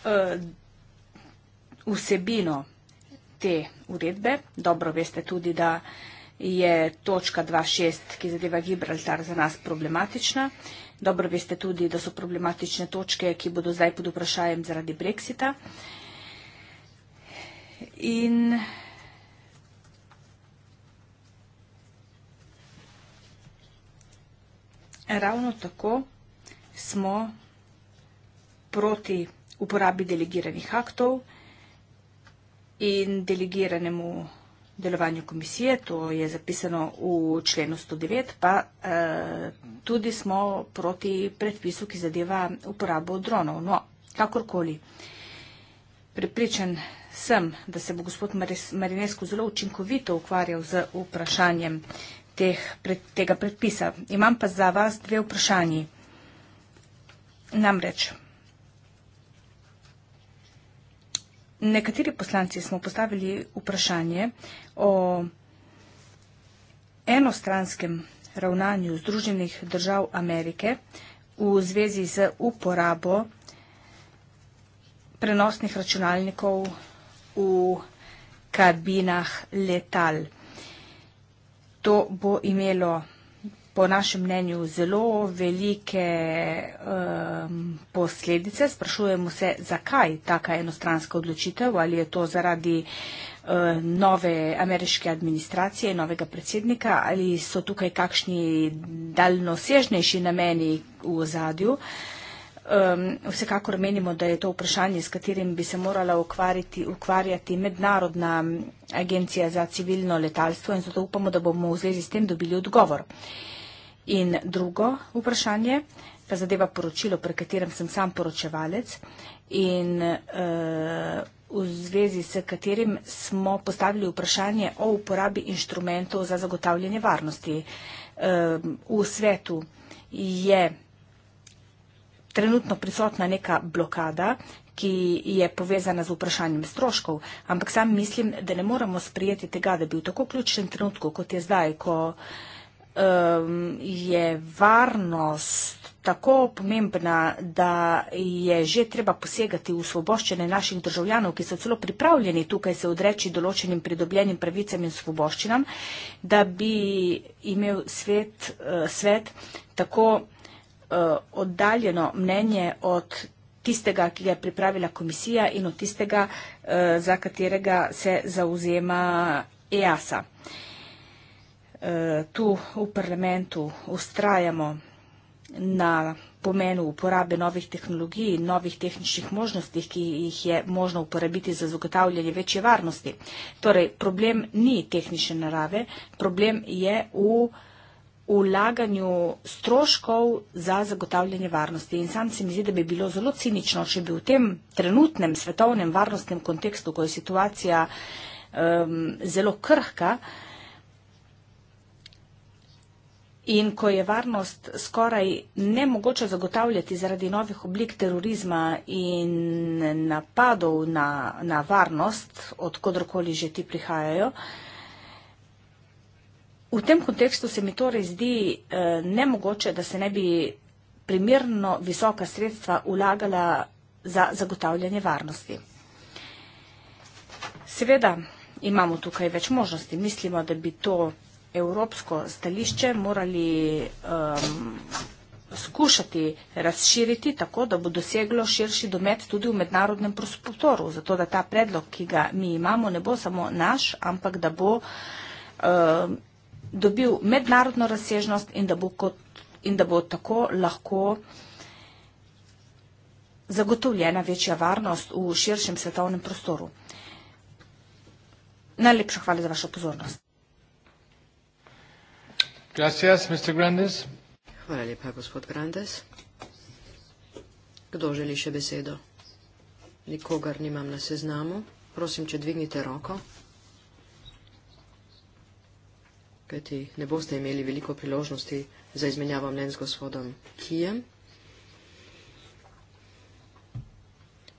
uh, vsebino te uredbe. Dobro veste tudi, da je točka 2.6, ki zadeva Gibraltar, za nas problematična. Dobro veste tudi, da so problematične točke, ki bodo zdaj pod vprašajem zaradi Brexita. In ravno tako smo proti uporabi delegiranih aktov in delegiranemu delovanju komisije, to je zapisano v členu 109, pa eh, tudi smo proti predpisu, ki zadeva uporabo dronov. No, kakorkoli, pripričan sem, da se bo gospod Marinesko zelo učinkovito ukvarjal z vprašanjem teh, tega predpisa. Imam pa za vas dve vprašanji. Namreč. Nekateri poslanci smo postavili vprašanje o enostranskem ravnanju Združenih držav Amerike v zvezi z uporabo prenosnih računalnikov v kabinah letal. To bo imelo po našem mnenju zelo velike um, posledice. Sprašujemo se, zakaj taka enostranska odločitev, ali je to zaradi um, nove ameriške administracije, novega predsednika, ali so tukaj kakšni daljnosežnejši nameni v ozadju. Um, vsekakor menimo, da je to vprašanje, s katerim bi se morala ukvarjati, ukvarjati mednarodna um, agencija za civilno letalstvo in zato upamo, da bomo v zvezi s tem dobili odgovor. Uh, In drugo vprašanje, pa zadeva poročilo, pri katerem sem sam poročevalec in uh, v zvezi s katerim smo postavili vprašanje o uporabi inštrumentov za zagotavljanje varnosti. Uh, v svetu je trenutno prisotna neka blokada, ki je povezana z vprašanjem stroškov, ampak sam mislim, da ne moramo sprijeti tega, da bi v tako ključnem trenutku, kot je zdaj, ko uh, um, je varnost tako pomembna, da je že treba posegati v svoboščene naših državljanov, ki so celo pripravljeni tukaj se odreči določenim pridobljenim pravicam in svoboščinam, da bi imel svet, eh, svet tako eh, oddaljeno mnenje od tistega, ki ga je pripravila komisija in od tistega, eh, za katerega se zauzema EASA. Eh, tu v parlamentu ustrajamo na pomenu uporabe novih tehnologij in novih tehničnih možnosti, ki jih je možno uporabiti za zagotavljanje večje varnosti. Torej, problem ni tehnične narave, problem je v ulaganju stroškov za zagotavljanje varnosti. In sam se mi zdi, da bi bilo zelo cinično, če bi v tem trenutnem svetovnem varnostnem kontekstu, ko je situacija um, zelo krhka, uh, In ko je varnost skoraj nemogoče zagotavljati zaradi novih oblik terorizma in napadov na, na varnost, odkudorkoli že ti prihajajo, v tem kontekstu se mi torej zdi eh, nemogoče, da se ne bi primerno visoka sredstva ulagala za zagotavljanje varnosti. Seveda imamo tukaj več možnosti. Mislimo, da bi to evropsko stališče morali um, skušati razširiti tako, da bo doseglo širši domet tudi v mednarodnem prostoru, zato da ta predlog, ki ga mi imamo, ne bo samo naš, ampak da bo um, dobil mednarodno razsežnost in da bo, kot, in da bo tako lahko zagotovljena večja varnost v širšem svetovnem prostoru. Najlepša hvala za vašo pozornost. Gracias, Mr. Grandes. Hvala lepa, gospod Grandes. Kdo želi še besedo? Nikogar nimam na seznamu. Prosim, če dvignite roko. Kajti ne boste imeli veliko priložnosti za izmenjavo mnen z gospodom Kijem.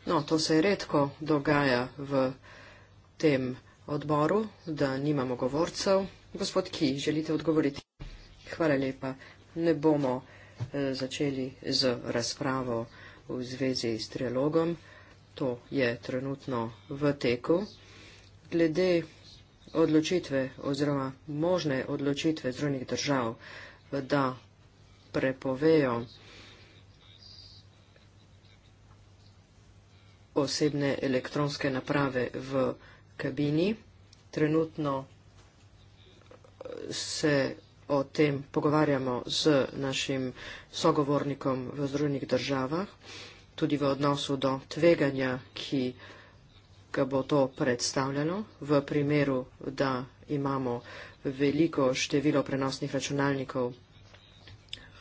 No, to se redko dogaja v tem odboru, da nimamo govorcev. Gospod Ki, želite odgovoriti? Hvala lepa. Ne bomo eh, začeli z razpravo v zvezi s trilogom. To je trenutno v teku. Glede odločitve oziroma možne odločitve zrovnih držav, eh, da prepovejo osebne elektronske naprave v kabini. Trenutno se o tem pogovarjamo z našim sogovornikom v Združenih državah, tudi v odnosu do tveganja, ki ga bo to predstavljalo, v primeru, da imamo veliko število prenosnih računalnikov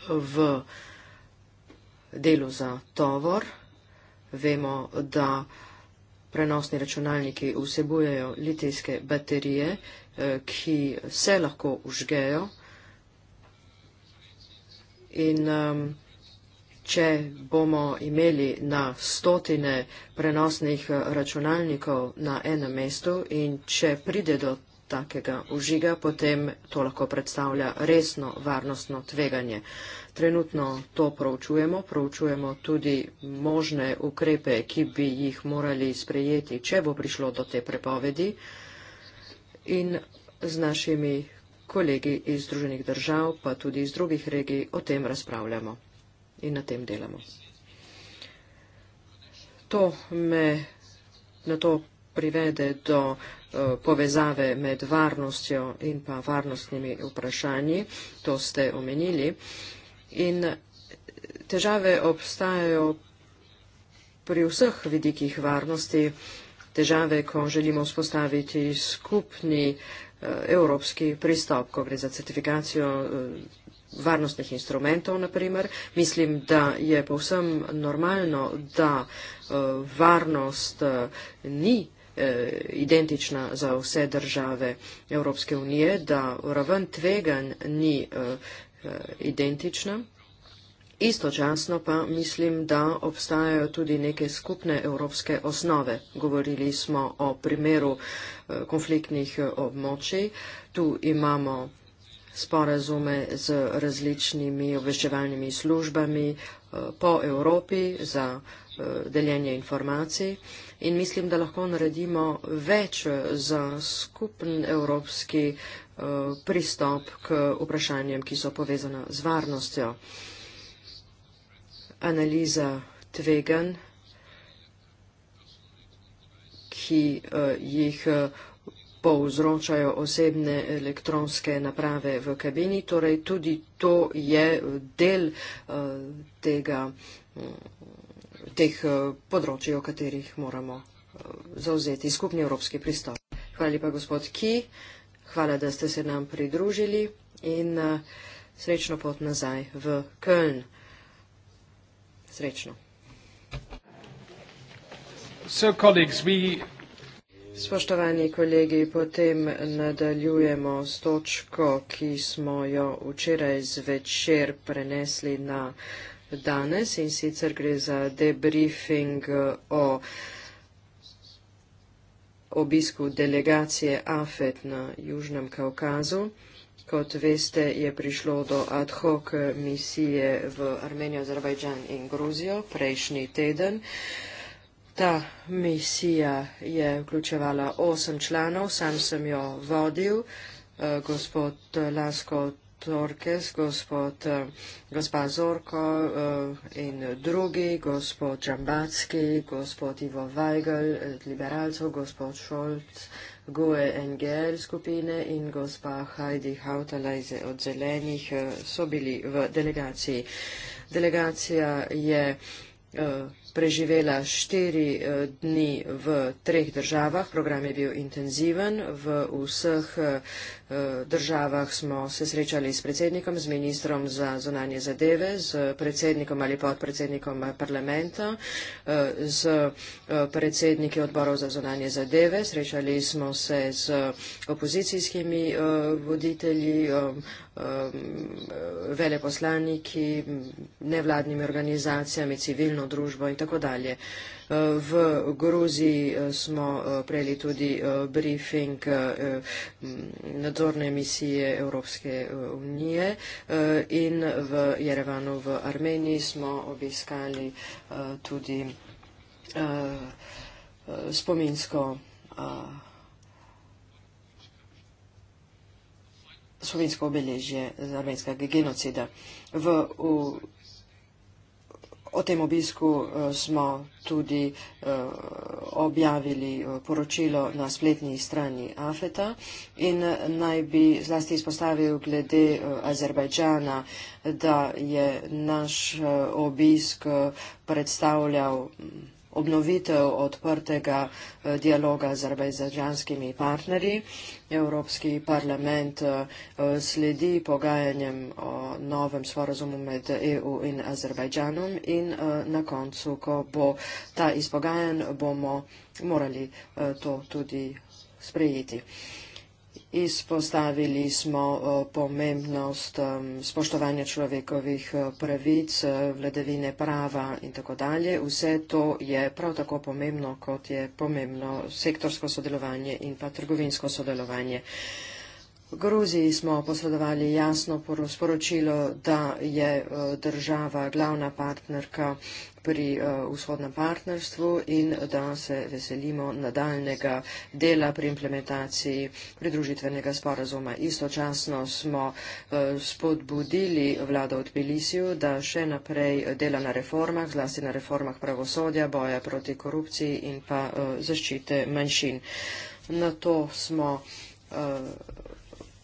v delu za tovor. Vemo, da prenosni računalniki vsebujejo litijske baterije, Eh, ki se lahko užgejo. In če bomo imeli na stotine prenosnih eh, računalnikov na enem mestu in če pride do takega užiga, potem to lahko predstavlja resno varnostno tveganje. Trenutno to proučujemo, proučujemo tudi možne ukrepe, ki bi jih morali sprejeti, če bo prišlo do te prepovedi in z našimi kolegi iz Združenih držav, pa tudi iz drugih regij, o tem razpravljamo in na tem delamo. To me na to privede do eh, povezave med varnostjo in pa varnostnimi vprašanji, to ste omenili, in težave obstajajo pri vseh vidikih varnosti, težave, ko želimo vzpostaviti skupni eh, evropski pristop, ko gre za certifikacijo eh, varnostnih instrumentov, naprimer. Mislim, da je povsem normalno, da eh, varnost ni identična za vse države Evropske unije, da raven tveganj ni identična Istočasno pa mislim, da obstajajo tudi neke skupne evropske osnove. Govorili smo o primeru eh, konfliktnih eh, območij. Tu imamo sporazume z različnimi obveščevalnimi službami eh, po Evropi za deljenje informacij in mislim, da lahko naredimo več za skupen evropski pristop k vprašanjem, ki so povezane z varnostjo analiza tvegan, ki eh, jih eh, povzročajo osebne elektronske naprave v kabini. Torej, tudi to je del eh, tega, mm, teh področij, o katerih moramo zauzeti skupni evropski pristop. Hvala lepa, gospod Ki. Hvala, da ste se nam pridružili in srečno pot nazaj v Köln. Srečno. Spoštovani kolegi, potem nadaljujemo s točko, ki smo jo včeraj zvečer prenesli na danes in sicer gre za debriefing o obisku delegacije AFET na Južnem Kaukazu. Kot veste, je prišlo do ad hoc misije v Armenijo, Azerbajdžan in Gruzijo prejšnji teden. Ta misija je vključevala osem članov, sam sem jo vodil, eh, gospod Lasko Torkes, gospod eh, gospa Zorko eh, in drugi, gospod Džambatski, gospod Ivo Weigel, liberalcev, gospod Šolc Gue Engel skupine in gospa Heidi Hautalajze od zelenih eh, so bili v delegaciji. Delegacija je eh, preživela štiri eh, dni v treh državah. Program je bil intenziven v vseh Eh, državah smo se srečali s predsednikom, z ministrom za zonanje zadeve, z predsednikom ali podpredsednikom parlamenta, eh, z eh, predsedniki odborov za zonanje zadeve, srečali smo se z opozicijskimi voditelji, veleposlaniki, nevladnimi organizacijami, civilno družbo in tako dalje. V Gruziji eh, smo eh, prejeli tudi eh, briefing nadzorne misije Evropske unije in v Jerevanu v Armeniji smo obiskali tudi spominsko slovensko obeležje armenskega genocida. V O tem obisku eh, smo tudi eh, objavili eh, poročilo na spletni strani AFETA in naj bi zlasti izpostavil glede Azerbajdžana, da je naš obisk predstavljal mm, obnovitev odprtega eh, dialoga z arbejzažanskimi partnerji. Evropski parlament eh, sledi pogajanjem o novem sporazumu med EU in Azerbajdžanom in eh, na koncu, ko bo ta izpogajan, bomo morali to tudi sprejeti. Izpostavili smo eh, pomembnost spoštovanja človekovih eh, pravic, eh, vladavine prava in tako dalje. Vse to je prav tako pomembno, kot je pomembno sektorsko sodelovanje in pa trgovinsko sodelovanje. Gruziji smo posredovali jasno sporočilo, da je eh, država glavna partnerka pri eh, vzhodnem partnerstvu in da se veselimo nadaljnega dela pri implementaciji pridružitvenega sporazuma. Istočasno smo eh, spodbudili vlado od Pilisiju, da še naprej dela na reformah, zlasti na reformah pravosodja, boja proti korupciji in pa zaščite manjšin. Na to smo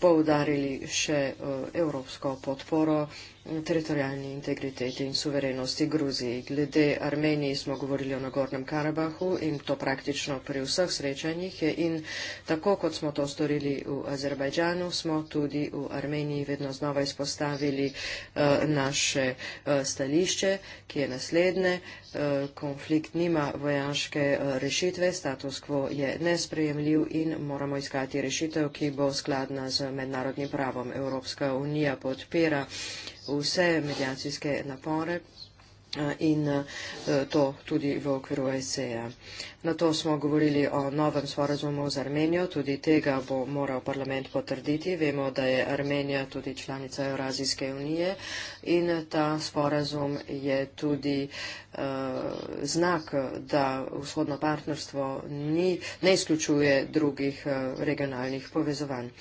poudarili še eh, evropsko podporo teritorijalni integriteti in suverenosti Gruziji. Glede Armeniji smo govorili o Nagornem Karabahu in to praktično pri vseh srečanjih in tako kot smo to storili v Azerbajdžanu, smo tudi v Armeniji vedno znova izpostavili uh, naše uh, stališče, ki je naslednje. Uh, konflikt nima vojaške uh, rešitve, status quo je nesprejemljiv in moramo iskati rešitev, ki bo skladna z mednarodnim pravom. Evropska unija podpira vse medijacijske napore eh, in eh, to tudi v okviru OECD-a. Na to smo govorili o novem sporazumu z Armenijo, tudi tega bo moral parlament potrditi. Vemo, da je Armenija tudi članica Eurazijske unije in ta sporazum je tudi uh, znak, da vzhodno partnerstvo ni, ne izključuje drugih uh, regionalnih povezovanj. Uh,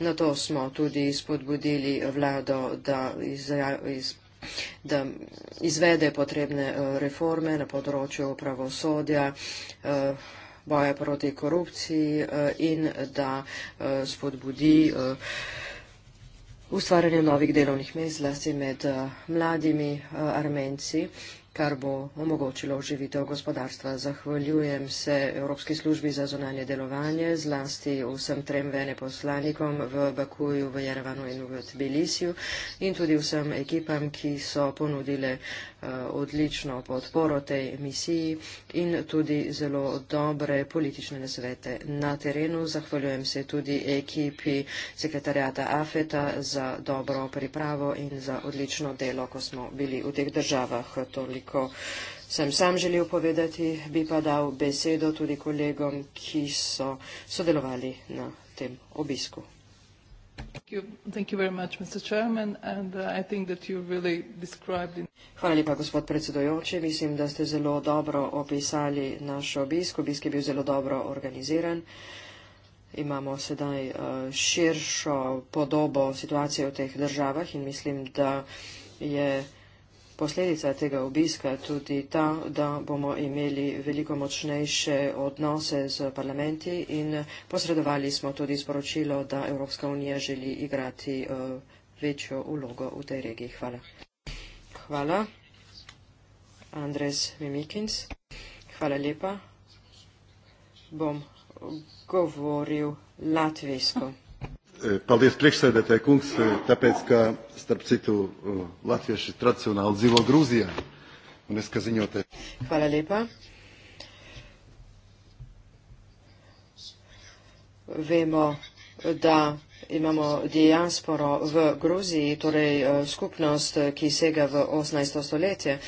Na to smo tudi spodbudili vlado, da, izra, iz, da izvede potrebne eh, reforme na področju pravosodja eh, boja proti korupciji eh, in da spodbudi ustvarjanje novih delovnih mest, zlasti med mladimi armenci kar bo omogočilo oživitev gospodarstva. Zahvaljujem se Evropski službi za zonanje delovanje, zlasti vsem trem vene poslanikom v Bakuju, v Jerevanu in v Tbilisiju in tudi vsem ekipam, ki so ponudile uh, Eh, odlično podporo tej misiji in tudi zelo dobre politične nasvete na terenu. Zahvaljujem se tudi ekipi sekretarjata AFETA za dobro pripravo in za odlično delo, ko smo bili v teh državah toliko. Sem sam želel povedati, bi pa dal besedo tudi kolegom, ki so sodelovali na tem obisku. Uh, Hvala lepa, gospod predsedojoči. Mislim, da ste zelo dobro opisali naš obisk. Obisk je bil zelo dobro organiziran. Imamo sedaj uh, širšo podobo situacije v teh državah in mislim, da je. Posledica tega obiska je tudi ta, da bomo imeli veliko močnejše odnose z parlamenti in posredovali smo tudi sporočilo, da Evropska unija želi igrati eh, večjo ulogo v tej regiji. Hvala. Hvala. Andres Mimikins. Hvala lepa. Bom govoril latvijsko. Eh, paldies priekšsēdētāji kungs, eh, tāpēc, ka starp citu eh, latvieši tradicionāli dzīvo Grūzijā. Un es, ka ziņotē. Hvala lepa. Vemo, da imamo diasporo v Gruziji, torej eh, skupnost, eh, ki sega v 18. stoletje.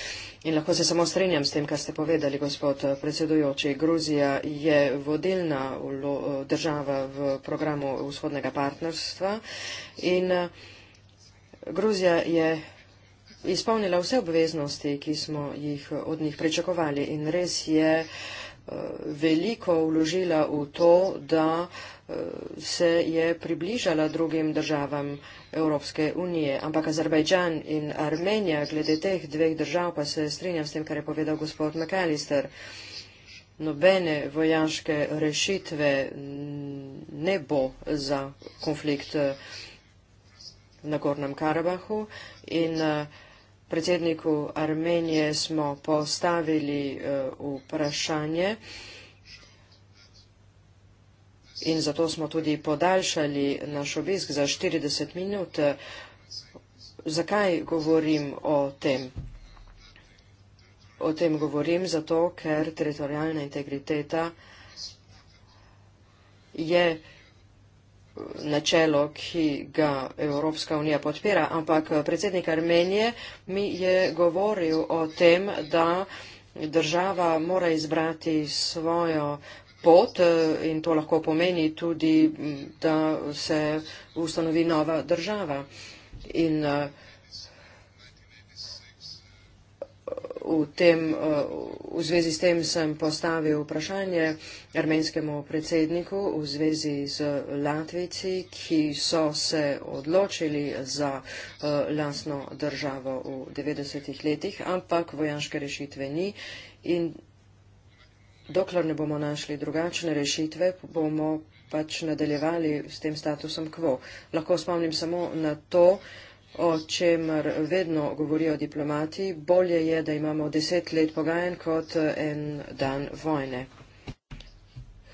In lahko se samo strinjam s tem, kar ste povedali, gospod eh, predsedujoči. Gruzija je vodilna država v programu vzhodnega partnerstva in Gruzija je izpolnila vse obveznosti, ki smo jih od njih pričakovali in res je veliko vložila v to, da uh, se je približala drugim državam Evropske unije. Ampak Azerbajdžan in Armenija, glede teh dveh držav, pa se strinjam s tem, kar je povedal gospod McAllister, nobene vojaške rešitve ne bo za konflikt na Gornem Karabahu in predsedniku Armenije smo postavili vprašanje. Uh, in zato smo tudi podaljšali naš obisk za 40 minut. Zakaj govorim o tem? O tem govorim zato, ker teritorijalna integriteta je načelo, ki ga Evropska unija podpira, ampak predsednik Armenije mi je govoril o tem, da država mora izbrati svojo pot eh, in to lahko pomeni tudi, da se ustanovi nova država. In eh, v, tem, eh, v zvezi s tem sem postavil vprašanje armenskemu predsedniku v zvezi z Latvici, ki so se odločili za lastno državo v 90-ih letih, ampak vojaške rešitve ni. In dokler ne bomo našli drugačne rešitve, bomo pač nadaljevali s tem statusom quo. Lahko spomnim samo na to, o čemer vedno govorijo diplomati, bolje je, da imamo deset let pogajanj kot en dan vojne.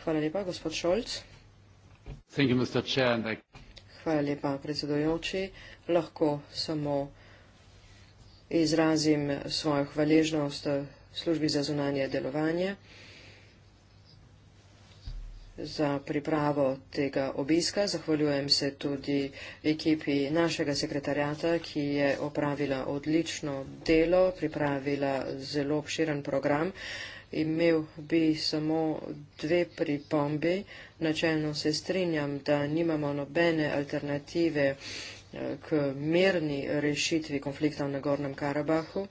Hvala lepa, gospod Šolc. Hvala lepa, predsedujoči. Lahko samo izrazim svojo hvaležnost službi za zunanje delovanje za pripravo tega obiska. Zahvaljujem se tudi ekipi našega sekretarjata, ki je opravila odlično delo, pripravila zelo obširen program. Imel bi samo dve pripombi. Načelno se strinjam, da nimamo nobene alternative eh, k mirni rešitvi konflikta v Nagornem Karabahu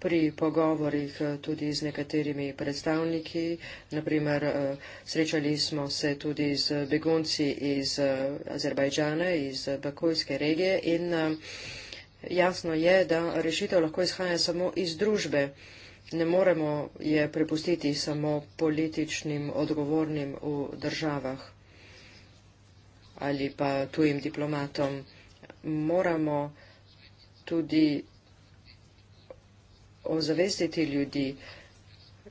pri pogovorih eh, tudi z nekaterimi predstavniki. Naprimer, eh, srečali smo se tudi z begunci iz eh, Azerbajdžana, iz Bakujske regije in jasno je, da rešitev lahko izhaja samo iz družbe. Ne moremo je prepustiti samo političnim odgovornim v državah ali pa tujim diplomatom. Moramo tudi ozavestiti ljudi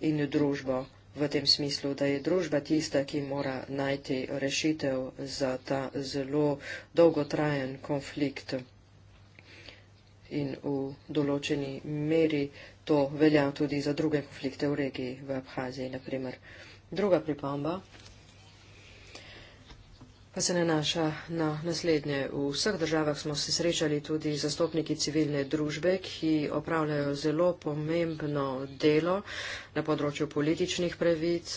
in družbo v tem smislu, da je družba tista, ki mora najti rešitev za ta zelo dolgotrajen konflikt. In v določeni meri to velja tudi za druge konflikte v regiji, v Abhaziji, na primer. Druga pripomba. Pa se nanaša na naslednje. V vseh državah smo se srečali tudi zastopniki civilne družbe, ki opravljajo zelo pomembno delo na področju političnih pravic,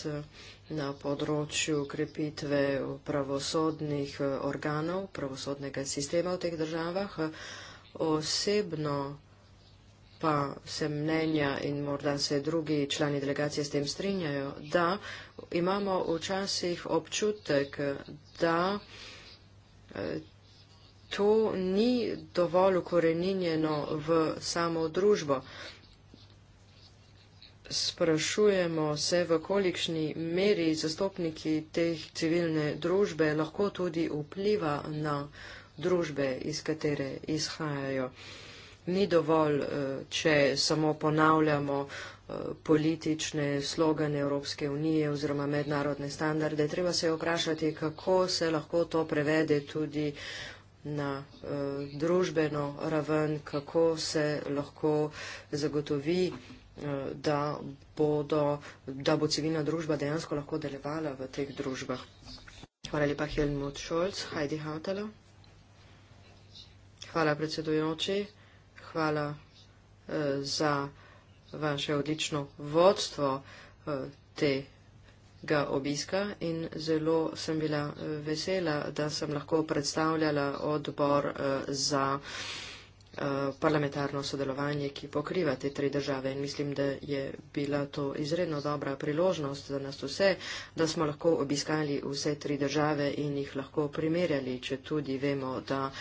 na področju krepitve pravosodnih organov, pravosodnega sistema v teh državah. Osebno pa se mnenja in morda se drugi člani delegacije s tem strinjajo, da imamo včasih občutek, da eh, to ni dovolj ukoreninjeno v samo družbo. Sprašujemo se, v kolikšni meri zastopniki teh civilne družbe lahko tudi vpliva na družbe, iz katere izhajajo ni dovolj, eh, če samo ponavljamo eh, politične slogane Evropske unije oziroma mednarodne standarde. Treba se vprašati, kako se lahko to prevede tudi na eh, družbeno raven, kako se lahko zagotovi, da, bodo, da bo civilna družba dejansko lahko delovala v teh družbah. Hvala lepa Helmut Scholz, Heidi Hautala. Hvala predsedujoči hvala eh, za vaše odlično vodstvo eh, tega obiska in zelo sem bila eh, vesela, da sem lahko predstavljala odbor za parlamentarno sodelovanje, ki pokriva te tri države. In mislim, da je bila to izredno dobra priložnost za nas vse, da smo lahko obiskali vse tri države in jih lahko primerjali, če tudi vemo, da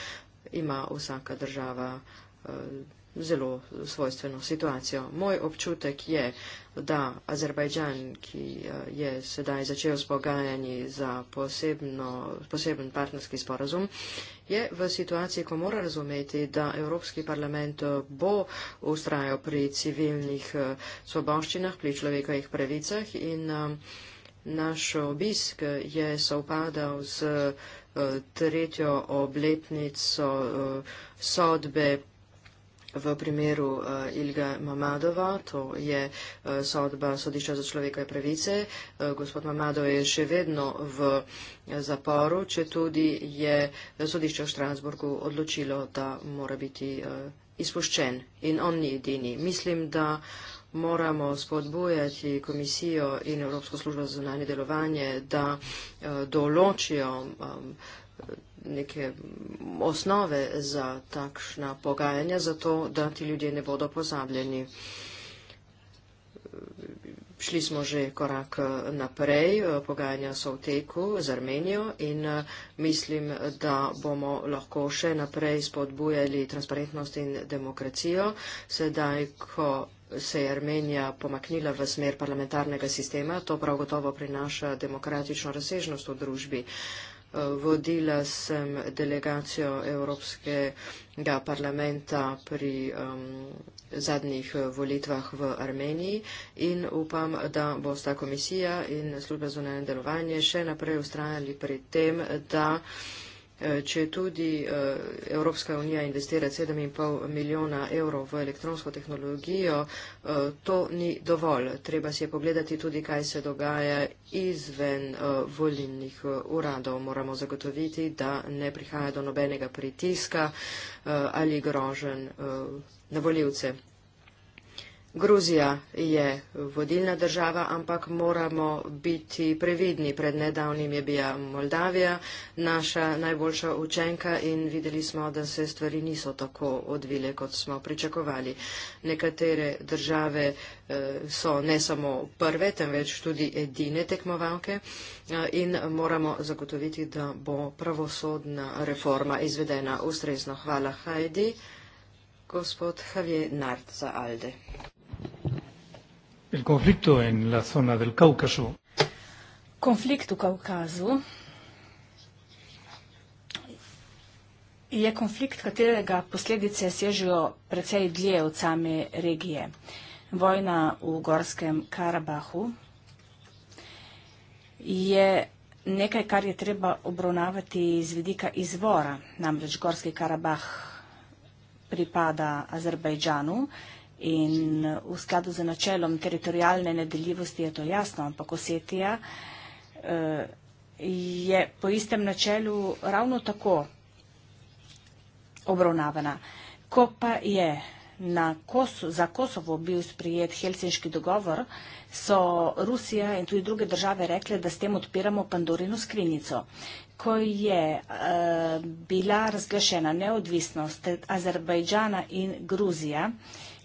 ima vsaka država uh, Eh, zelo svojstveno situacijo. Moj občutek je, da Azerbajdžan, ki eh, je sedaj začel s pogajanji za posebno, poseben partnerski sporazum, je v situaciji, ko mora razumeti, da Evropski parlament eh, bo ustrajal pri civilnih svoboščinah, pri človekovih pravicah in naš obisk je sovpadal z tretjo obletnico sodbe v primeru uh, eh, Ilga Mamadova, to je uh, sodba sodišča za človekove pravice. Uh, gospod Mamadov je še vedno v zaporu, če tudi je sodišče v Štransburgu odločilo, da mora biti uh, izpuščen in on ni edini. Mislim, da moramo spodbujati komisijo in Evropsko službo za zunanje delovanje, da uh, določijo. Um, neke osnove za takšna pogajanja, zato da ti ljudje ne bodo pozabljeni. Šli smo že korak eh, naprej, eh, pogajanja so v teku z Armenijo in eh, mislim, da bomo lahko še naprej spodbujali transparentnost in demokracijo. Sedaj, ko se je Armenija pomaknila v smer parlamentarnega sistema, to prav gotovo prinaša demokratično razsežnost v družbi. Vodila sem delegacijo Evropskega parlamenta pri um, zadnjih eh, volitvah v Armeniji in upam, da bo sta komisija in služba zunanje delovanje še naprej ustrajali pri tem, da uh, Če tudi eh, Evropska unija investira 7,5 milijona evrov v elektronsko tehnologijo, eh, to ni dovolj. Treba si je pogledati tudi, kaj se dogaja izven eh, volilnih uradov. Moramo zagotoviti, da ne prihaja do nobenega pritiska ali grožen na voljivce. Gruzija je vodilna država, ampak moramo biti previdni. Pred nedavnim je bila Moldavija naša najboljša učenka in videli smo, da se stvari niso tako odvile, kot smo pričakovali. Nekatere države eh, so ne samo prve, temveč tudi edine tekmovalke eh, in moramo zagotoviti, da bo pravosodna reforma izvedena ustrezno. Hvala Heidi, gospod Javier Nart za Alde el conflicto en la zona del Cáucaso. Conflicto Cáucaso. je konflikt, katerega posledice sežijo precej dlje od same regije. Vojna v Gorskem Karabahu je nekaj, kar je treba obravnavati iz vidika izvora. Namreč Gorski Karabah pripada Azerbajdžanu, In eh, v skladu z načelom teritorijalne nedeljivosti je to jasno, ampak Osetija eh, je po istem načelu ravno tako obravnavana. Ko pa je za Kosovo bil sprijet helsinški dogovor, so Rusija in tudi druge države rekle, da s tem odpiramo Pandorino skrinjico. Ko je eh, bila razglašena neodvisnost Azerbajdžana in Gruzija,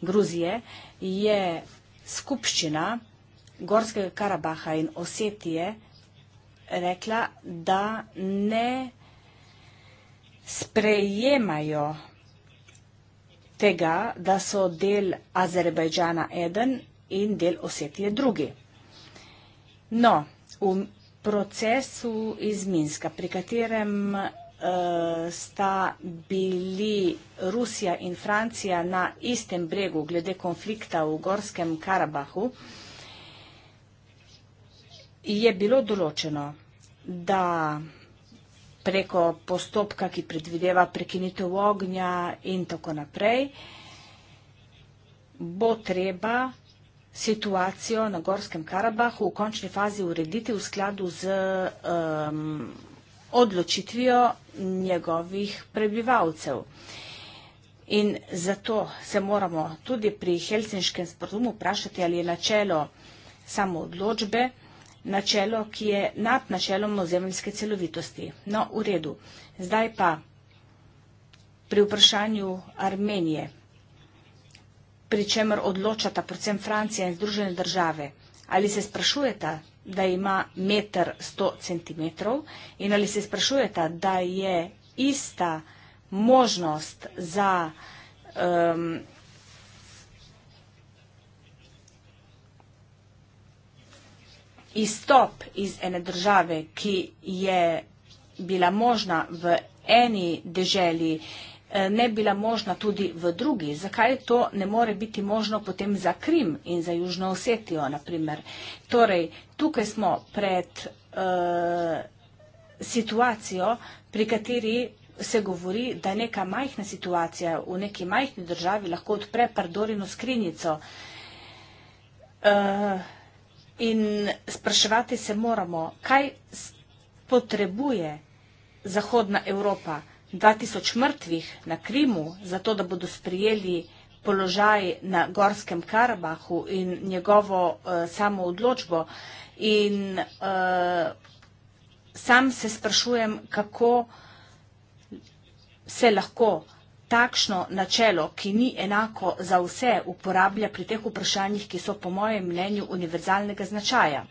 Gruzije je skupščina Gorskega Karabaha in Osetije rekla, da ne sprejemajo tega, da so del Azerbajdžana eden in del Osetije drugi. No, v procesu iz Minska, pri katerem Eh, sta bili Rusija in Francija na istem bregu glede konflikta v Gorskem Karabahu, je bilo določeno, da preko postopka, ki predvideva prekinitev ognja in tako naprej, bo treba situacijo na Gorskem Karabahu v končni fazi urediti v skladu z um, odločitvijo njegovih prebivalcev. In zato se moramo tudi pri Helsinškem sporozumu vprašati, ali je načelo samo odločbe, načelo, ki je nad načelom ozemljske celovitosti. No, v redu. Zdaj pa pri vprašanju Armenije, pri čemer odločata predvsem Francija in Združene države, ali se sprašujeta, da ima meter sto centimetrov in ali se sprašujete, da je ista možnost za um, izstop iz ene države, ki je bila možna v eni deželi, Eh, ne bila možna tudi v drugi. Zakaj to ne more biti možno potem za Krim in za Južno Osetijo, naprimer? Torej, tukaj smo pred eh, situacijo, pri kateri se govori, da neka majhna situacija v neki majhni državi lahko odpre pardorino skrinjico. Eh, in spraševati se moramo, kaj potrebuje Zahodna Evropa. 2000 mrtvih na Krimu, zato da bodo sprijeli položaj na Gorskem Karabahu in njegovo uh, eh, samo odločbo. In uh, sam se sprašujem, kako se lahko takšno načelo, ki ni enako za vse, uporablja pri teh vprašanjih, ki so po mojem mnenju univerzalnega značaja.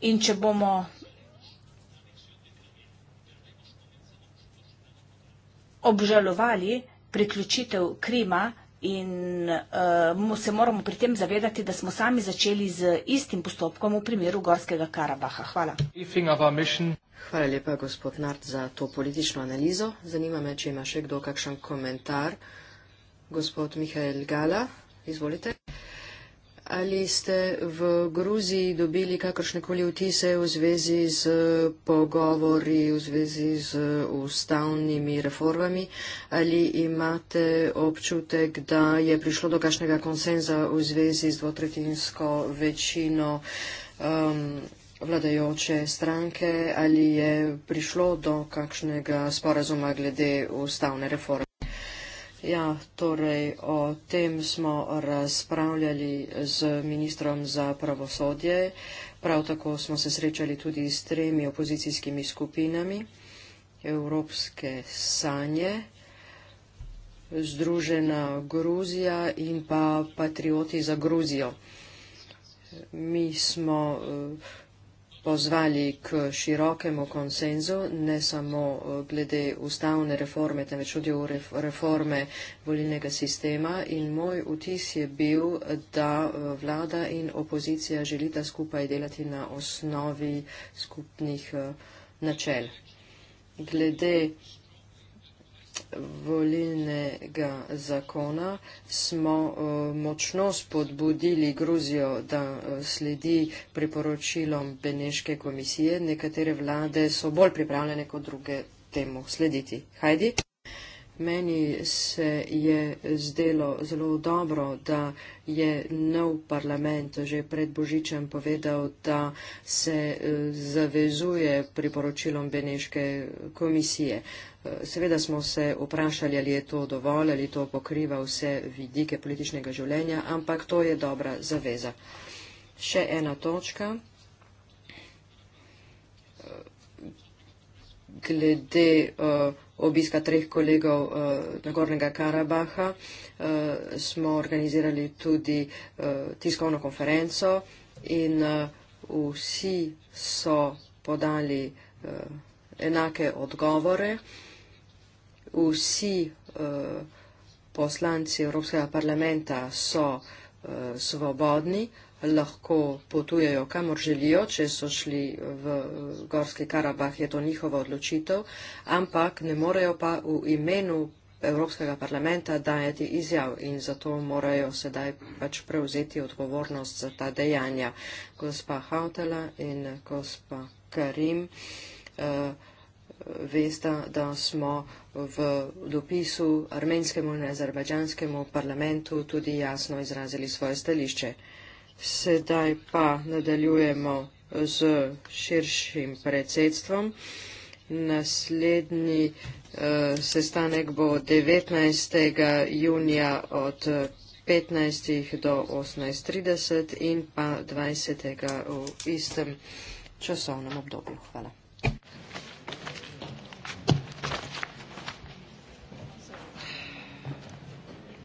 In če bomo obžalovali priključitev Krima in uh, se moramo pri tem zavedati, da smo sami začeli z istim postopkom v primeru Gorskega Karabaha. Hvala. Hvala lepa, gospod Nart, za to politično analizo. Zanima me, če ima še kdo kakšen komentar. Gospod Mihajl Gala, izvolite. Uh, Ali ste v Gruziji dobili kakršnekoli vtise v zvezi z pogovori, v zvezi z ustavnimi reformami? Ali imate občutek, da je prišlo do kakšnega konsenza v zvezi z dvotretinsko večino um, vladajoče stranke? Ali je prišlo do kakšnega sporazuma glede ustavne reforme? Ja, torej o tem smo razpravljali z ministrom za pravosodje. Prav tako smo se srečali tudi s tremi opozicijskimi skupinami Evropske sanje, Združena Gruzija in pa Patrioti za Gruzijo. Mi smo uh, pozvali k širokemu konsenzu, ne samo eh, glede ustavne reforme, temveč tudi reforme volilnega sistema. In moj vtis je bil, da eh, vlada in opozicija želita skupaj delati na osnovi skupnih eh, načel. Glede volilnega zakona, smo eh, močno spodbudili Gruzijo, da eh, sledi priporočilom Beneške komisije. Nekatere vlade so bolj pripravljene kot druge temu slediti. Hajdi. Meni se je zdelo zelo dobro, da je nov parlament že pred Božičem povedal, da se eh, zavezuje priporočilom Beneške komisije. Uh, Seveda smo se vprašali, ali je to dovolj, ali to pokriva vse vidike političnega življenja, ampak to je dobra zaveza. Še ena točka. Glede uh, obiska treh kolegov uh, Nagornega Karabaha uh, smo organizirali tudi uh, tiskovno konferenco in uh, vsi so podali uh, enake odgovore. Uh, vsi eh, poslanci Evropskega parlamenta so eh, svobodni, lahko potujejo kamor želijo, če so šli v eh, Gorski Karabah, je to njihova odločitev, ampak ne morejo pa v imenu Evropskega parlamenta dajati izjav in zato morajo sedaj pač prevzeti odgovornost za ta dejanja. Gospa Hautela in gospa Karim, eh, veste, da smo v dopisu armenskemu in azerbajdžanskemu parlamentu tudi jasno izrazili svoje stališče. Sedaj pa nadaljujemo z širšim predsedstvom. Naslednji eh, sestanek bo 19. junija od 15. do 18.30 in pa 20. v istem časovnem obdobju. Hvala.